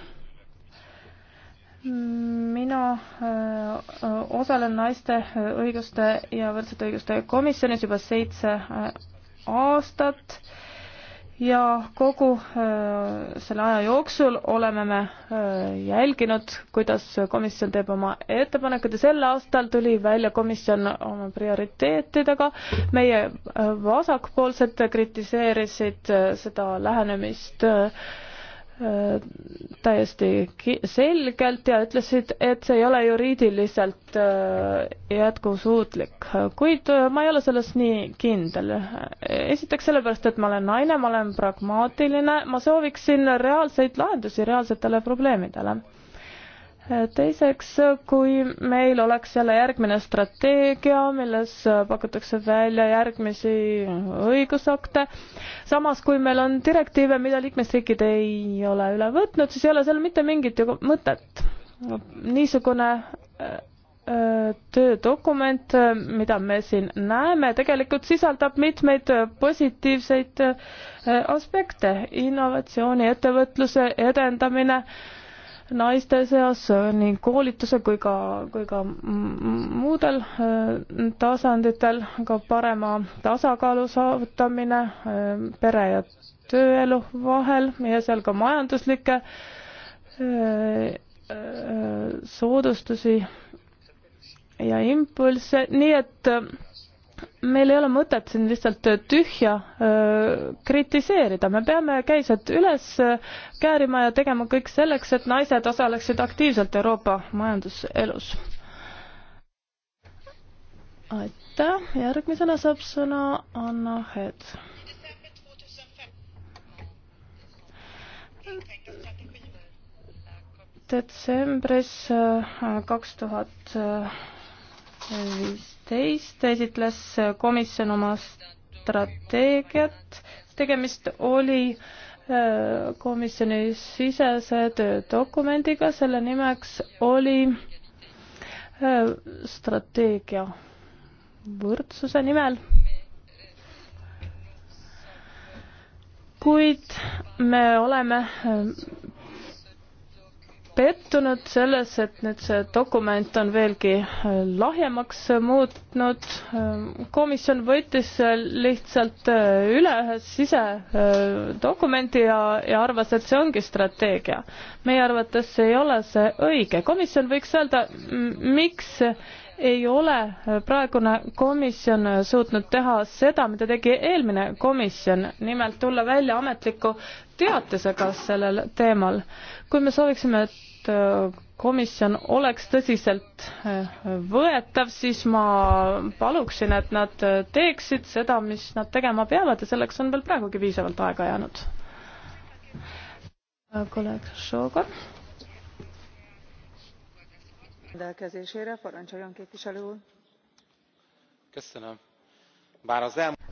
mina äh, osalen naiste õiguste ja võrdsete õiguste komisjonis juba seitse äh, aastat ja kogu äh, selle aja jooksul oleme me äh, jälginud, kuidas komisjon teeb oma ettepanekud ja sel aastal tuli välja komisjon oma prioriteetidega. meie äh, vasakpoolsed kritiseerisid seda lähenemist äh, Äh, täiesti selgelt ja ütlesid, et see ei ole juriidiliselt äh, jätkusuutlik, kuid äh, ma ei ole selles nii kindel. esiteks sellepärast, et ma olen naine, ma olen pragmaatiline, ma sooviksin reaalseid lahendusi reaalsetele probleemidele teiseks, kui meil oleks jälle järgmine strateegia, milles pakutakse välja järgmisi õigusakte, samas kui meil on direktiive, mida liikmesriigid ei ole üle võtnud, siis ei ole seal mitte mingit ju mõtet. niisugune äh, äh, töödokument, mida me siin näeme, tegelikult sisaldab mitmeid positiivseid äh, aspekte, innovatsiooni, ettevõtluse edendamine naiste seas äh, nii koolituse kui ka, kui ka muudel äh, tasanditel, ka parema tasakaalu saavutamine äh, pere ja tööelu vahel ja seal ka majanduslikke soodustusi ja impulsse, nii et meil ei ole mõtet siin lihtsalt tühja öö, kritiseerida, me peame käised üles käärima ja tegema kõik selleks, et naised osaleksid aktiivselt Euroopa majanduselus. aitäh, järgmisena saab sõna Anna Hed. detsembris kaks tuhat viis kaksteist esitles komisjon oma strateegiat, tegemist oli äh, komisjoni sisese töödokumendiga, selle nimeks oli äh, strateegia võrdsuse nimel. kuid me oleme äh, pettunud selles, et nüüd see dokument on veelgi äh, lahjemaks muutnud. Ähm, komisjon võttis äh, lihtsalt äh, üle ühe sisedokumendi ja, ja arvas, et see ongi strateegia. meie arvates ei ole see õige. komisjon võiks öelda, miks ei ole praegune komisjon suutnud teha seda, mida tegi eelmine komisjon, nimelt tulla välja ametliku teatisega sellel teemal. kui me sooviksime, et äh, komisjon oleks tõsiselt äh, võetav, siis ma paluksin, et nad äh, teeksid seda, mis nad tegema peavad ja selleks on veel praegugi piisavalt aega jäänud. kolleeg Šogor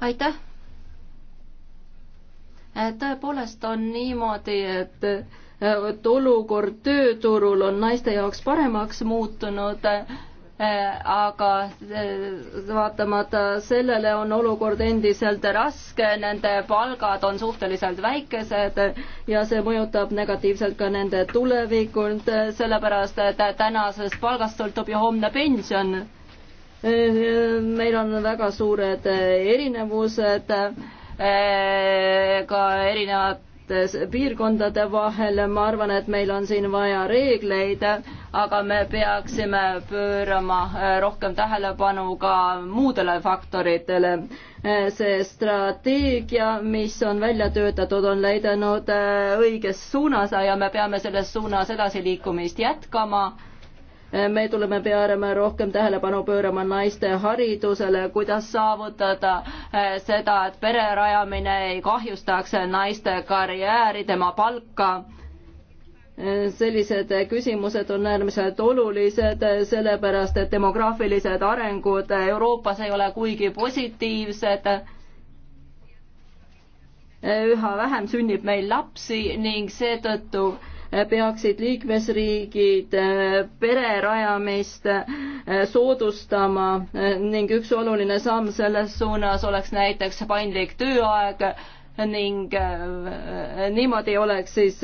aitäh! Eh, tõepoolest on niimoodi, et eh, et olukord tööturul on naiste jaoks paremaks muutunud Äh, aga äh, vaatamata sellele on olukord endiselt raske, nende palgad on suhteliselt väikesed ja see mõjutab negatiivselt ka nende tulevikult, äh, sellepärast et tänasest palgast sõltub ju homne pension. meil on väga suured erinevused ka erinevad suhetes piirkondade vahel, ma arvan, et meil on siin vaja reegleid, aga me peaksime pöörama äh, rohkem tähelepanu ka muudele faktoritele. Äh, see strateegia, mis on välja töötatud, on leidnud äh, õiges suunas ja me peame selles suunas edasiliikumist jätkama me tuleme peame rohkem tähelepanu pöörama naiste haridusele, kuidas saavutada eh, seda, et pere rajamine ei kahjustaks naiste karjääri, tema palka eh, sellised küsimused on äärmiselt olulised, eh, sellepärast et demograafilised arengud Euroopas ei ole kuigi positiivsed. üha vähem sünnib meil lapsi ning seetõttu peaksid liikmesriigid eh, pere rajamist eh, soodustama ning üks oluline samm selles suunas oleks näiteks paindlik tööaeg ning eh, niimoodi oleks siis,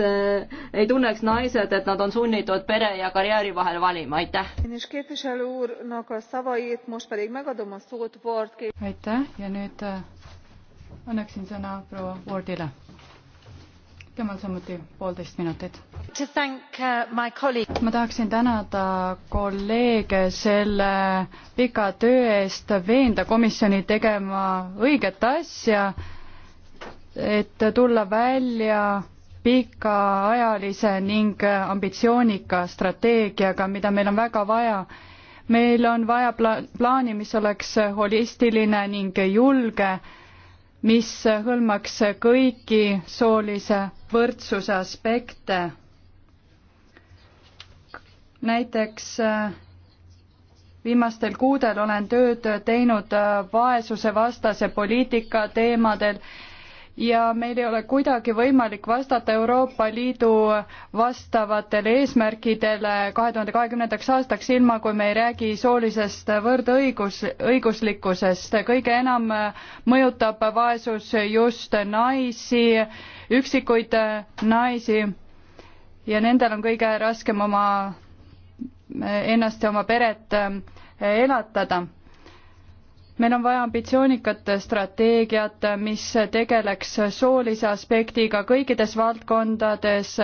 ei tunneks naised, et nad on sunnitud pere ja karjääri vahel valima, aitäh. aitäh ja nüüd annaksin sõna proua Wardile temal samuti poolteist minutit. Uh, ma tahaksin tänada kolleege selle pika töö eest veenda komisjoni tegema õiget asja, et tulla välja pikaajalise ning ambitsioonika strateegiaga, mida meil on väga vaja. meil on vaja pla-, plaani, mis oleks holistiline ning julge mis hõlmaks kõiki soolise võrdsuse aspekte. näiteks äh, viimastel kuudel olen tööd teinud äh, vaesusevastase poliitika teemadel ja meil ei ole kuidagi võimalik vastata Euroopa Liidu vastavatele eesmärkidele kahe tuhande kahekümnendaks aastaks, ilma kui me ei räägi soolisest võrdõigus, õiguslikkusest. kõige enam mõjutab vaesus just naisi, üksikuid naisi ja nendel on kõige raskem oma, ennast ja oma peret eh, elatada meil on vaja ambitsioonikat strateegiat, mis tegeleks soolise aspektiga kõikides valdkondades,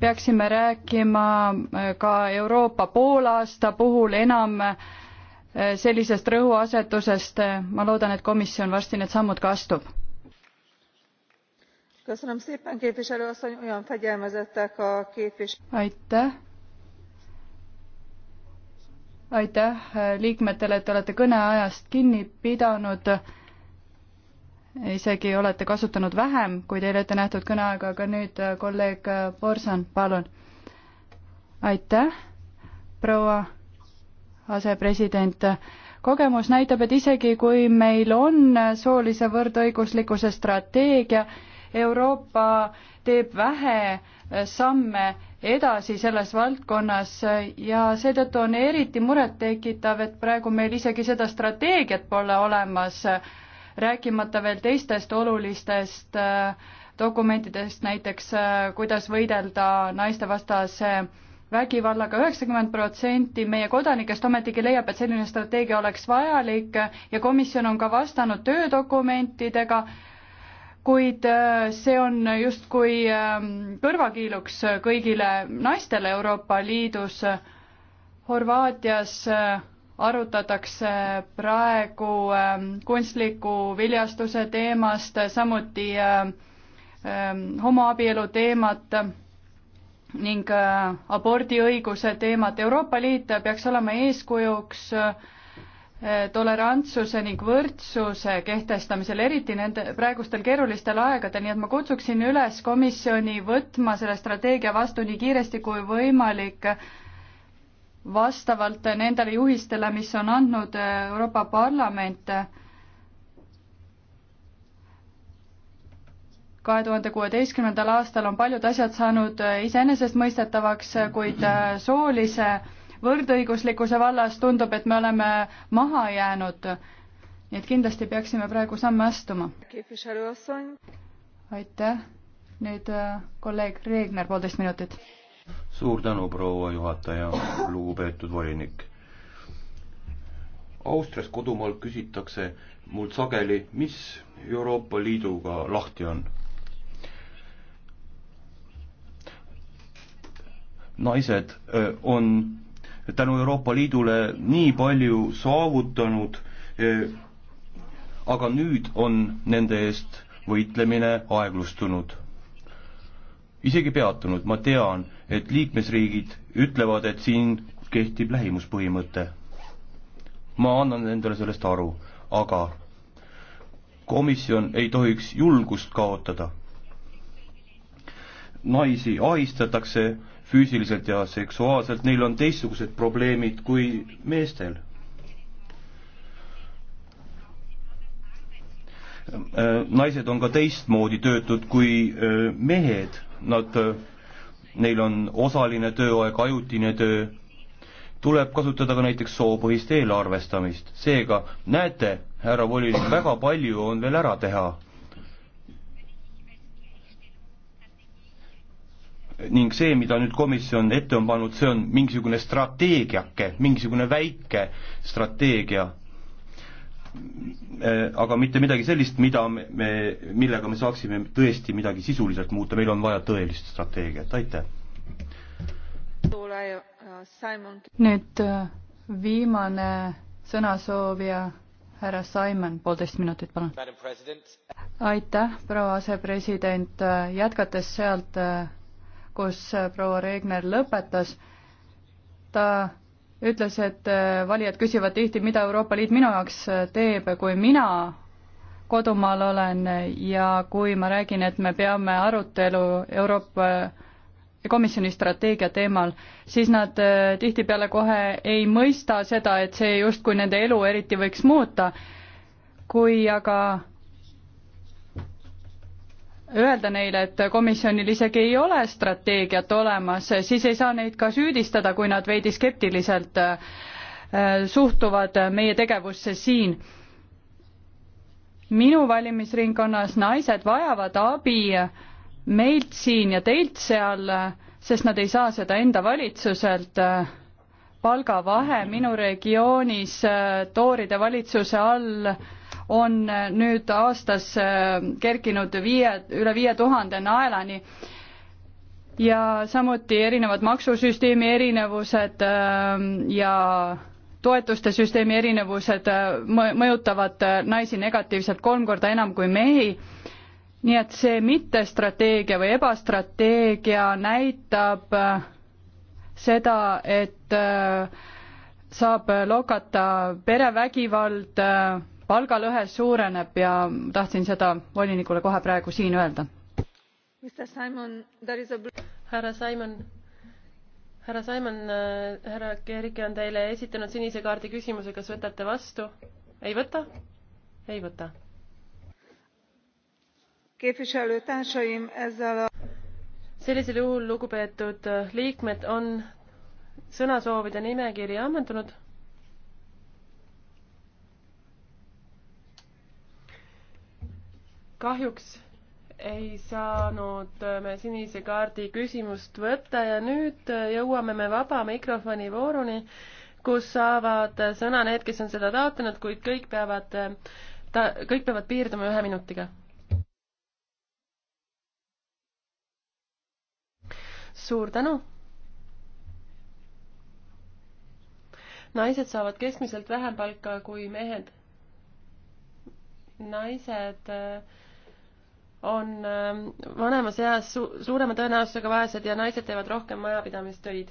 peaksime rääkima ka Euroopa poolaasta puhul enam sellisest rõhuasetusest, ma loodan, et komisjon varsti need sammud ka astub aitäh aitäh äh, liikmetele, et olete kõneajast kinni pidanud. isegi olete kasutanud vähem, kui teile ette nähtud kõneaega, aga nüüd äh, kolleeg äh, Borson, palun. aitäh, proua asepresident. kogemus näitab, et isegi kui meil on soolise võrdõiguslikkuse strateegia, Euroopa teeb vähe samme edasi selles valdkonnas ja seetõttu on eriti murettekitav, et praegu meil isegi seda strateegiat pole olemas, rääkimata veel teistest olulistest äh, dokumentidest, näiteks äh, kuidas võidelda naistevastase vägivallaga üheksakümmend protsenti meie kodanikest ometigi leiab, et selline strateegia oleks vajalik ja komisjon on ka vastanud töödokumentidega kuid äh, see on justkui ähm, kõrvakiiluks äh, kõigile naistele Euroopa Liidus. Horvaatias äh, arutatakse praegu ähm, kunstliku viljastuse teemast, samuti ähm, homoabielu teemat ning abordiõiguse teemat. Euroopa Liit peaks olema eeskujuks äh, Äh, tolerantsuse ning võrdsuse kehtestamisel, eriti nende praegustel keerulistel aegadel, nii et ma kutsuksin üles komisjoni võtma selle strateegia vastu nii kiiresti kui võimalik vastavalt nendele juhistele, mis on andnud äh, Euroopa Parlament äh, kahe tuhande kuueteistkümnendal aastal on paljud asjad saanud iseenesestmõistetavaks, kuid soolise võrdõiguslikkuse vallas tundub, et me oleme maha jäänud. nii et kindlasti peaksime praegu samme astuma. aitäh, nüüd äh, kolleeg Reegner, poolteist minutit. suur tänu, proua juhataja, lugupeetud volinik. Austrias kodumaal küsitakse mult sageli, mis Euroopa Liiduga lahti on naised äh, on tänu Euroopa Liidule nii palju saavutanud, eh, aga nüüd on nende eest võitlemine aeglustunud. isegi peatunud, ma tean, et liikmesriigid ütlevad, et siin kehtib lähimuspõhimõte. ma annan endale sellest aru, aga komisjon ei tohiks julgust kaotada. naisi ahistatakse füüsiliselt ja seksuaalselt, neil on teistsugused probleemid kui meestel. naised on ka teistmoodi töötud kui mehed, nad, neil on osaline tööaeg, ajutine töö tuleb kasutada ka näiteks soopõhist eelarvestamist. seega näete, härra volinik, väga palju on veel ära teha. ning see, mida nüüd komisjon ette on pannud, see on mingisugune strateegiake, mingisugune väike strateegia. Äh, aga mitte midagi sellist, mida me, me, millega me saaksime tõesti midagi sisuliselt muuta, meil on vaja tõelist strateegiat, aitäh. nüüd äh, viimane sõnasoovija, härra Simon, poolteist minutit, palun. aitäh, proua asepresident, äh, jätkates sealt kus äh, proua Regner lõpetas, ta ütles, et äh, valijad küsivad tihti, mida Euroopa Liit minu jaoks äh, teeb, kui mina kodumaal olen ja kui ma räägin, et me peame arutelu Euroopa komisjoni strateegia teemal, siis nad tihtipeale kohe ei mõista seda, et see justkui nende elu eriti võiks muuta. kui aga öelda neile, et komisjonil isegi ei ole strateegiat olemas, siis ei saa neid ka süüdistada, kui nad veidi skeptiliselt äh, suhtuvad meie tegevusse siin. minu valimisringkonnas naised vajavad abi meilt siin ja teilt seal, sest nad ei saa seda enda valitsuselt. palgavahe minu regioonis äh, tooride valitsuse all on nüüd aastas äh, kerkinud viie, üle viie tuhande naelani ja samuti erinevad maksusüsteemi erinevused ähm, ja toetuste süsteemi erinevused äh, mõjutavad äh, naisi negatiivselt kolm korda enam kui mehi. nii et see mittestrateegia või ebastrateegia näitab seda, et saab lokata perevägivald palgalõhe suureneb ja tahtsin seda volinikule kohe praegu siin öelda. härra Simon, härra Simon, äh, härra Kerki on teile esitanud sinise kaardi küsimuse, kas võtate vastu? ei võta? ei võta. sellisel juhul, lugupeetud liikmed, on sõnasoovide nimekiri ammendunud kahjuks ei saanud me sinise kaardi küsimust võtta ja nüüd jõuame me vaba mikrofoni vooruni, kus saavad sõna need, kes on seda taotlenud, kuid kõik peavad, ta, kõik peavad piirduma ühe minutiga. suur tänu! naised saavad keskmiselt vähem palka kui mehed. naised äh, on ähm, vanemas eas su-, suurema tõenäosusega vaesed ja naised teevad rohkem majapidamistöid.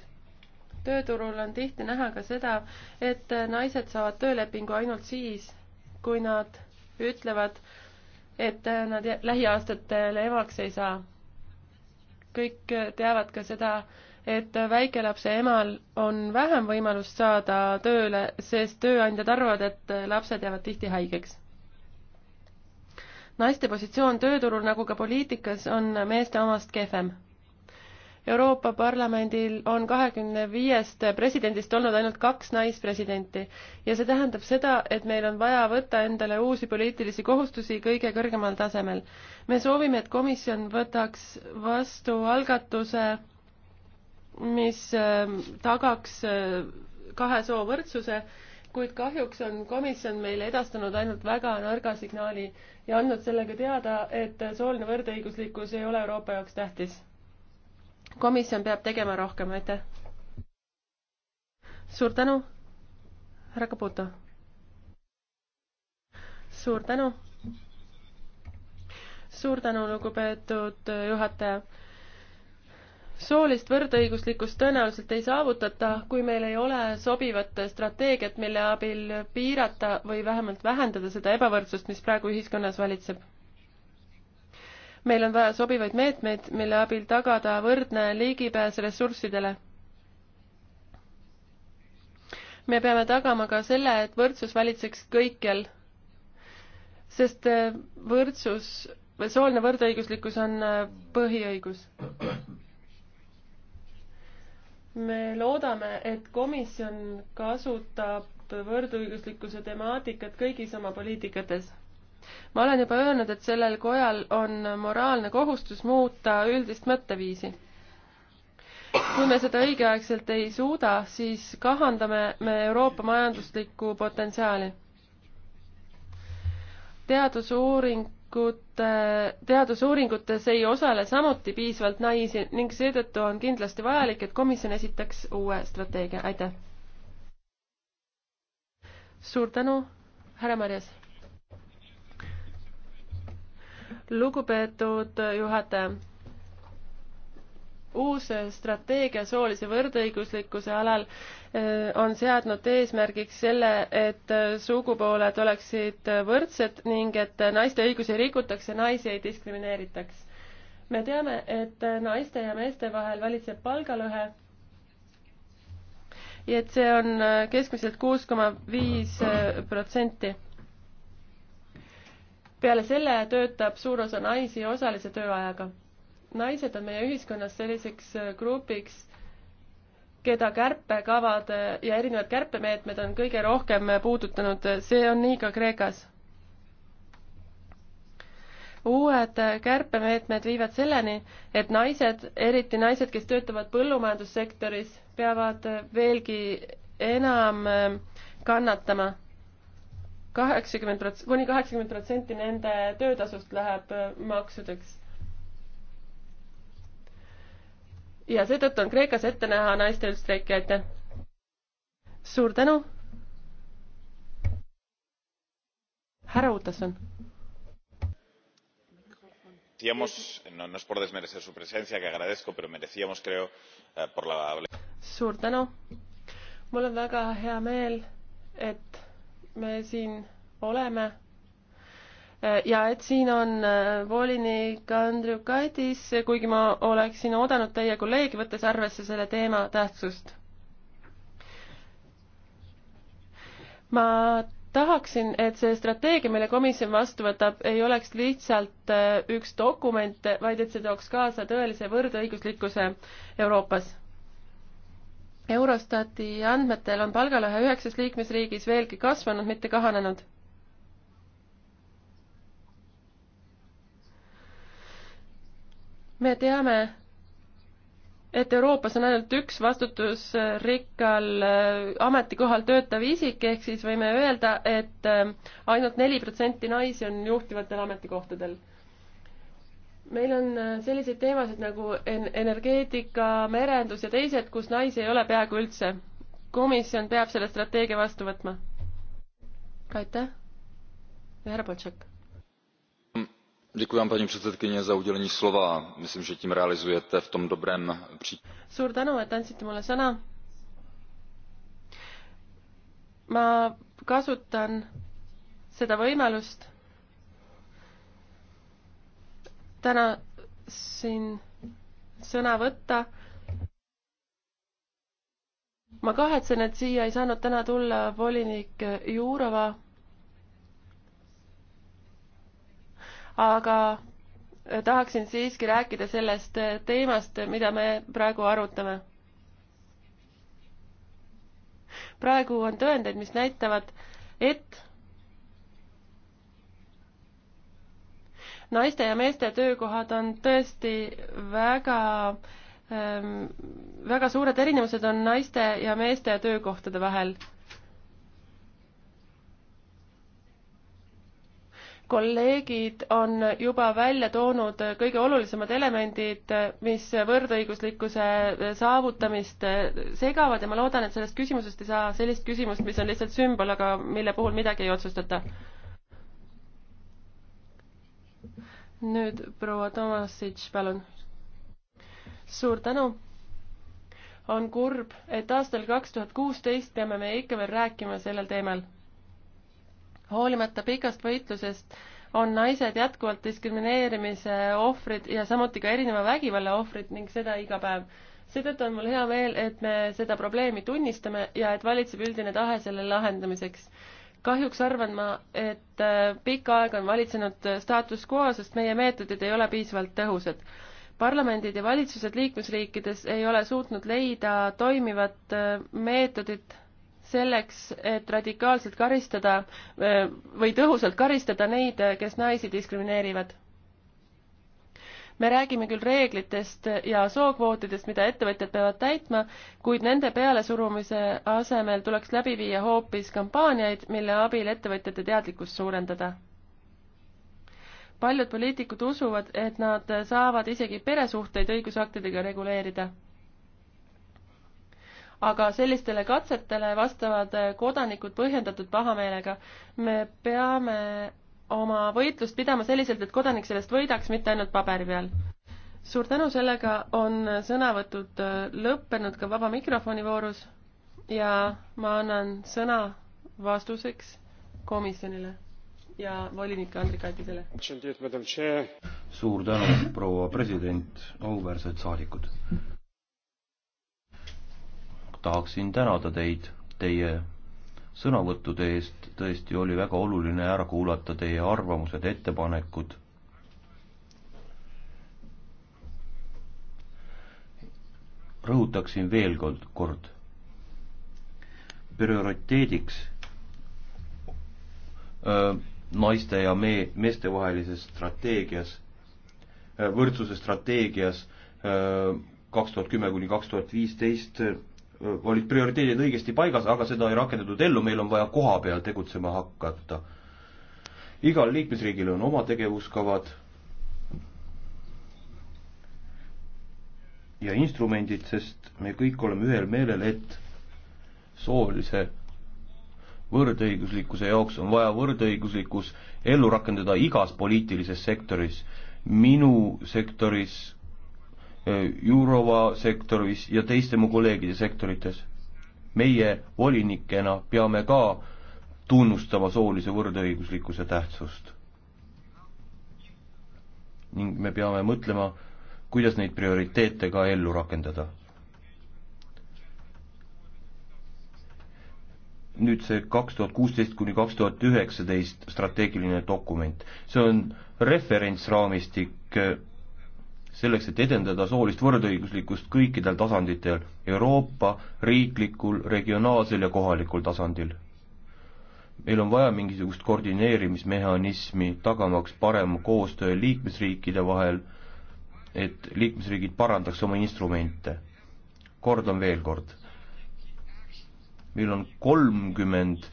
tööturul on tihti näha ka seda, et äh, naised saavad töölepingu ainult siis, kui nad ütlevad, et äh, nad lähiaastatele emaks ei saa. kõik äh, teavad ka seda, et väikelapse emal on vähem võimalust saada tööle, sest tööandjad arvavad, et lapsed jäävad tihti haigeks naiste positsioon tööturul nagu ka poliitikas on meeste omast kehvem. Euroopa Parlamendil on kahekümne viiest presidendist olnud ainult kaks naispresidenti ja see tähendab seda, et meil on vaja võtta endale uusi poliitilisi kohustusi kõige kõrgemal tasemel. me soovime, et komisjon võtaks vastu algatuse, mis äh, tagaks äh, kahe soo võrdsuse kuid kahjuks on komisjon meile edastanud ainult väga nõrga signaali ja andnud sellega teada, et sooline võrdõiguslikkus ei ole Euroopa jaoks tähtis. komisjon peab tegema rohkem, aitäh. suur tänu, härra Caputo. suur tänu. suur tänu, lugupeetud juhataja soolist võrdõiguslikkust tõenäoliselt ei saavutata, kui meil ei ole sobivat strateegiat, mille abil piirata või vähemalt vähendada seda ebavõrdsust, mis praegu ühiskonnas valitseb. meil on vaja sobivaid meetmeid, mille abil tagada võrdne ligipääs ressurssidele. me peame tagama ka selle, et võrdsus valitseks kõikjal, sest võrdsus või sooline võrdõiguslikkus on põhiõigus me loodame, et komisjon kasutab võrdõiguslikkuse temaatikat kõigis oma poliitikates. ma olen juba öelnud, et sellel kojal on moraalne kohustus muuta üldist mõtteviisi. kui me seda õigeaegselt ei suuda, siis kahandame me Euroopa majanduslikku potentsiaali. teadusuuring teadusuuringute, teadusuuringutes ei osale samuti piisavalt naisi ning seetõttu on kindlasti vajalik, et komisjon esitaks uue strateegia, aitäh. suur tänu, härra Marjas. lugupeetud juhataja uus strateegia soolise võrdõiguslikkuse alal äh, on seadnud eesmärgiks selle, et äh, sugupooled oleksid võrdsed ning et äh, naiste õigusi rikutaks ja naisi ei diskrimineeritaks. me teame, et naiste ja meeste vahel valitseb palgalõhe ja et see on keskmiselt kuus koma viis protsenti peale selle töötab suur osa naisi osalise tööajaga naised on meie ühiskonnas selliseks äh, grupiks, keda kärpekavad äh, ja erinevad kärpemeetmed on kõige rohkem äh, puudutanud, see on nii ka Kreekas. uued kärpemeetmed viivad selleni, et naised, eriti naised, kes töötavad põllumajandussektoris, peavad veelgi enam kannatama. kaheksakümmend prots-, kuni kaheksakümmend protsenti nende töötasust läheb maksudeks ja seetõttu on Kreekas ette näha naiste üldstreiki, aitäh! suur tänu! härra Uutasson. Eh, suur tänu! mul on väga hea meel, et me siin oleme ja et siin on äh, volinik Andrew Kaitis, kuigi ma oleksin oodanud teie kolleegi, võttes arvesse selle teema tähtsust. ma tahaksin, et see strateegia, mille komisjon vastu võtab, ei oleks lihtsalt äh, üks dokument, vaid et see tooks kaasa tõelise võrdõiguslikkuse Euroopas. Eurostati andmetel on palgalõhe üheksas liikmesriigis veelgi kasvanud, mitte kahanenud me teame, et Euroopas on ainult üks vastutusrikkal äh, ametikohal töötav isik, ehk siis võime öelda, et äh, ainult neli protsenti naisi on juhtivatel ametikohtadel. meil on äh, selliseid teemasid nagu energeetika, merendus ja teised, kus naisi ei ole peaaegu üldse. komisjon peab selle strateegia vastu võtma. aitäh ja härra Potšak paní předsedající myslím že tím realizujete v tom dobrém příkladu. ma kasutan seda võimalust täna siin sõna võtta. ma kahetsen, et siia ei saanud täna tulla volinik Jurova aga äh, tahaksin siiski rääkida sellest äh, teemast, mida me praegu arutame. praegu on tõendeid, mis näitavad, et naiste ja meeste töökohad on tõesti väga ähm, väga suured erinevused on naiste ja meeste töökohtade vahel kolleegid on juba välja toonud kõige olulisemad elemendid, mis võrdõiguslikkuse saavutamist segavad ja ma loodan, et sellest küsimusest ei saa sellist küsimust, mis on lihtsalt sümbol, aga mille puhul midagi ei otsustata. nüüd proua Tomasitš, palun. suur tänu on kurb, et aastal kaks tuhat kuusteist peame me ikka veel rääkima sellel teemal hoolimata pikast võitlusest on naised jätkuvalt diskrimineerimise ohvrid ja samuti ka erineva vägivalla ohvrid ning seda iga päev. seetõttu on mul hea meel, et me seda probleemi tunnistame ja et valitseb üldine tahe selle lahendamiseks kahjuks arvan ma, et äh, pikka aega on valitsenud status quo, sest meie meetodid ei ole piisavalt tõhusad. parlamendid ja valitsused liikmesriikides ei ole suutnud leida toimivat äh, meetodit selleks, et radikaalselt karistada eh, või tõhusalt karistada neid, eh, kes naisi diskrimineerivad. me räägime küll reeglitest ja sookvootidest, mida ettevõtjad peavad täitma, kuid nende pealesurumise asemel tuleks läbi viia hoopis kampaaniaid, mille abil ettevõtjate teadlikkust suurendada paljud poliitikud usuvad, et nad saavad isegi peresuhteid õigusaktidega reguleerida aga sellistele katsetele vastavad kodanikud põhjendatud pahameelega. me peame oma võitlust pidama selliselt, et kodanik sellest võidaks, mitte ainult paberi peal. suur tänu, sellega on sõnavõtud äh, lõppenud ka vaba mikrofoni voorus ja ma annan sõna vastuseks komisjonile ja volinik Andrik Adisele. suur tänu, proua president, auväärsed saadikud tahaksin tänada teid teie sõnavõttude eest, tõesti oli väga oluline ära kuulata teie arvamused, ettepanekud. rõhutaksin veel kord, kord. prioriteediks öö, naiste ja me-, meestevahelises strateegias, võrdsuse strateegias kaks tuhat kümme kuni kaks tuhat viisteist olid prioriteedid õigesti paigas, aga seda ei rakendatud ellu, meil on vaja koha peal tegutsema hakata. igal liikmesriigil on oma tegevuskavad ja instrumendid, sest me kõik oleme ühel meelel, et soolise võrdõiguslikkuse jaoks on vaja võrdõiguslikkus ellu rakendada igas poliitilises sektoris. minu sektoris Jurova sektoris ja teiste mu kolleegide sektorites. meie volinikena peame ka tunnustama soolise võrdõiguslikkuse tähtsust. ning me peame mõtlema, kuidas neid prioriteete ka ellu rakendada. nüüd see kaks tuhat kuusteist kuni kaks tuhat üheksateist strateegiline dokument, see on referentsraamistik selleks, et edendada soolist võrdõiguslikkust kõikidel tasanditel, Euroopa, riiklikul, regionaalsel ja kohalikul tasandil. meil on vaja mingisugust koordineerimismehhanismi, tagamaks parem koostöö liikmesriikide vahel, et liikmesriigid parandaks oma instrumente. kordan veel kord, meil on kolmkümmend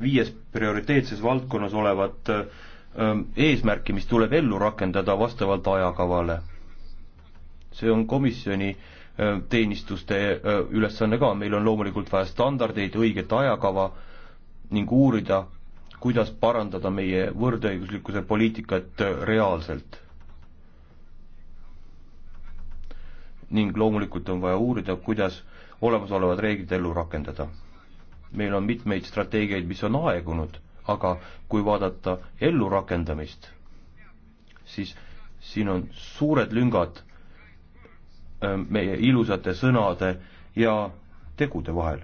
viies prioriteetses valdkonnas olevat öö, Ähm, eesmärki, mis tuleb ellu rakendada vastavalt ajakavale. see on komisjoni äh, teenistuste äh, ülesanne ka, meil on loomulikult vaja standardeid, õiget ajakava ning uurida, kuidas parandada meie võrdõiguslikkuse poliitikat äh, reaalselt. ning loomulikult on vaja uurida, kuidas olemasolevad reeglid ellu rakendada. meil on mitmeid strateegiaid, mis on aegunud aga kui vaadata ellurakendamist, siis siin on suured lüngad meie ilusate sõnade ja tegude vahel.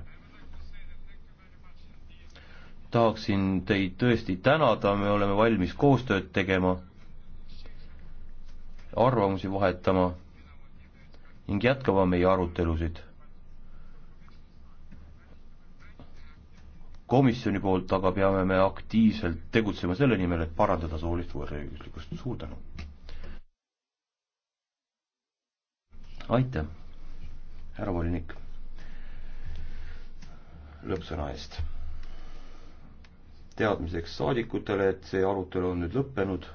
tahaksin teid tõesti tänada, me oleme valmis koostööd tegema, arvamusi vahetama ning jätkama meie arutelusid komisjoni poolt aga peame me aktiivselt tegutsema selle nimel, et parandada soolist võrdõiguslikkust, suur tänu! aitäh, härra volinik, lõppsõna eest! teadmiseks saadikutele, et see arutelu on nüüd lõppenud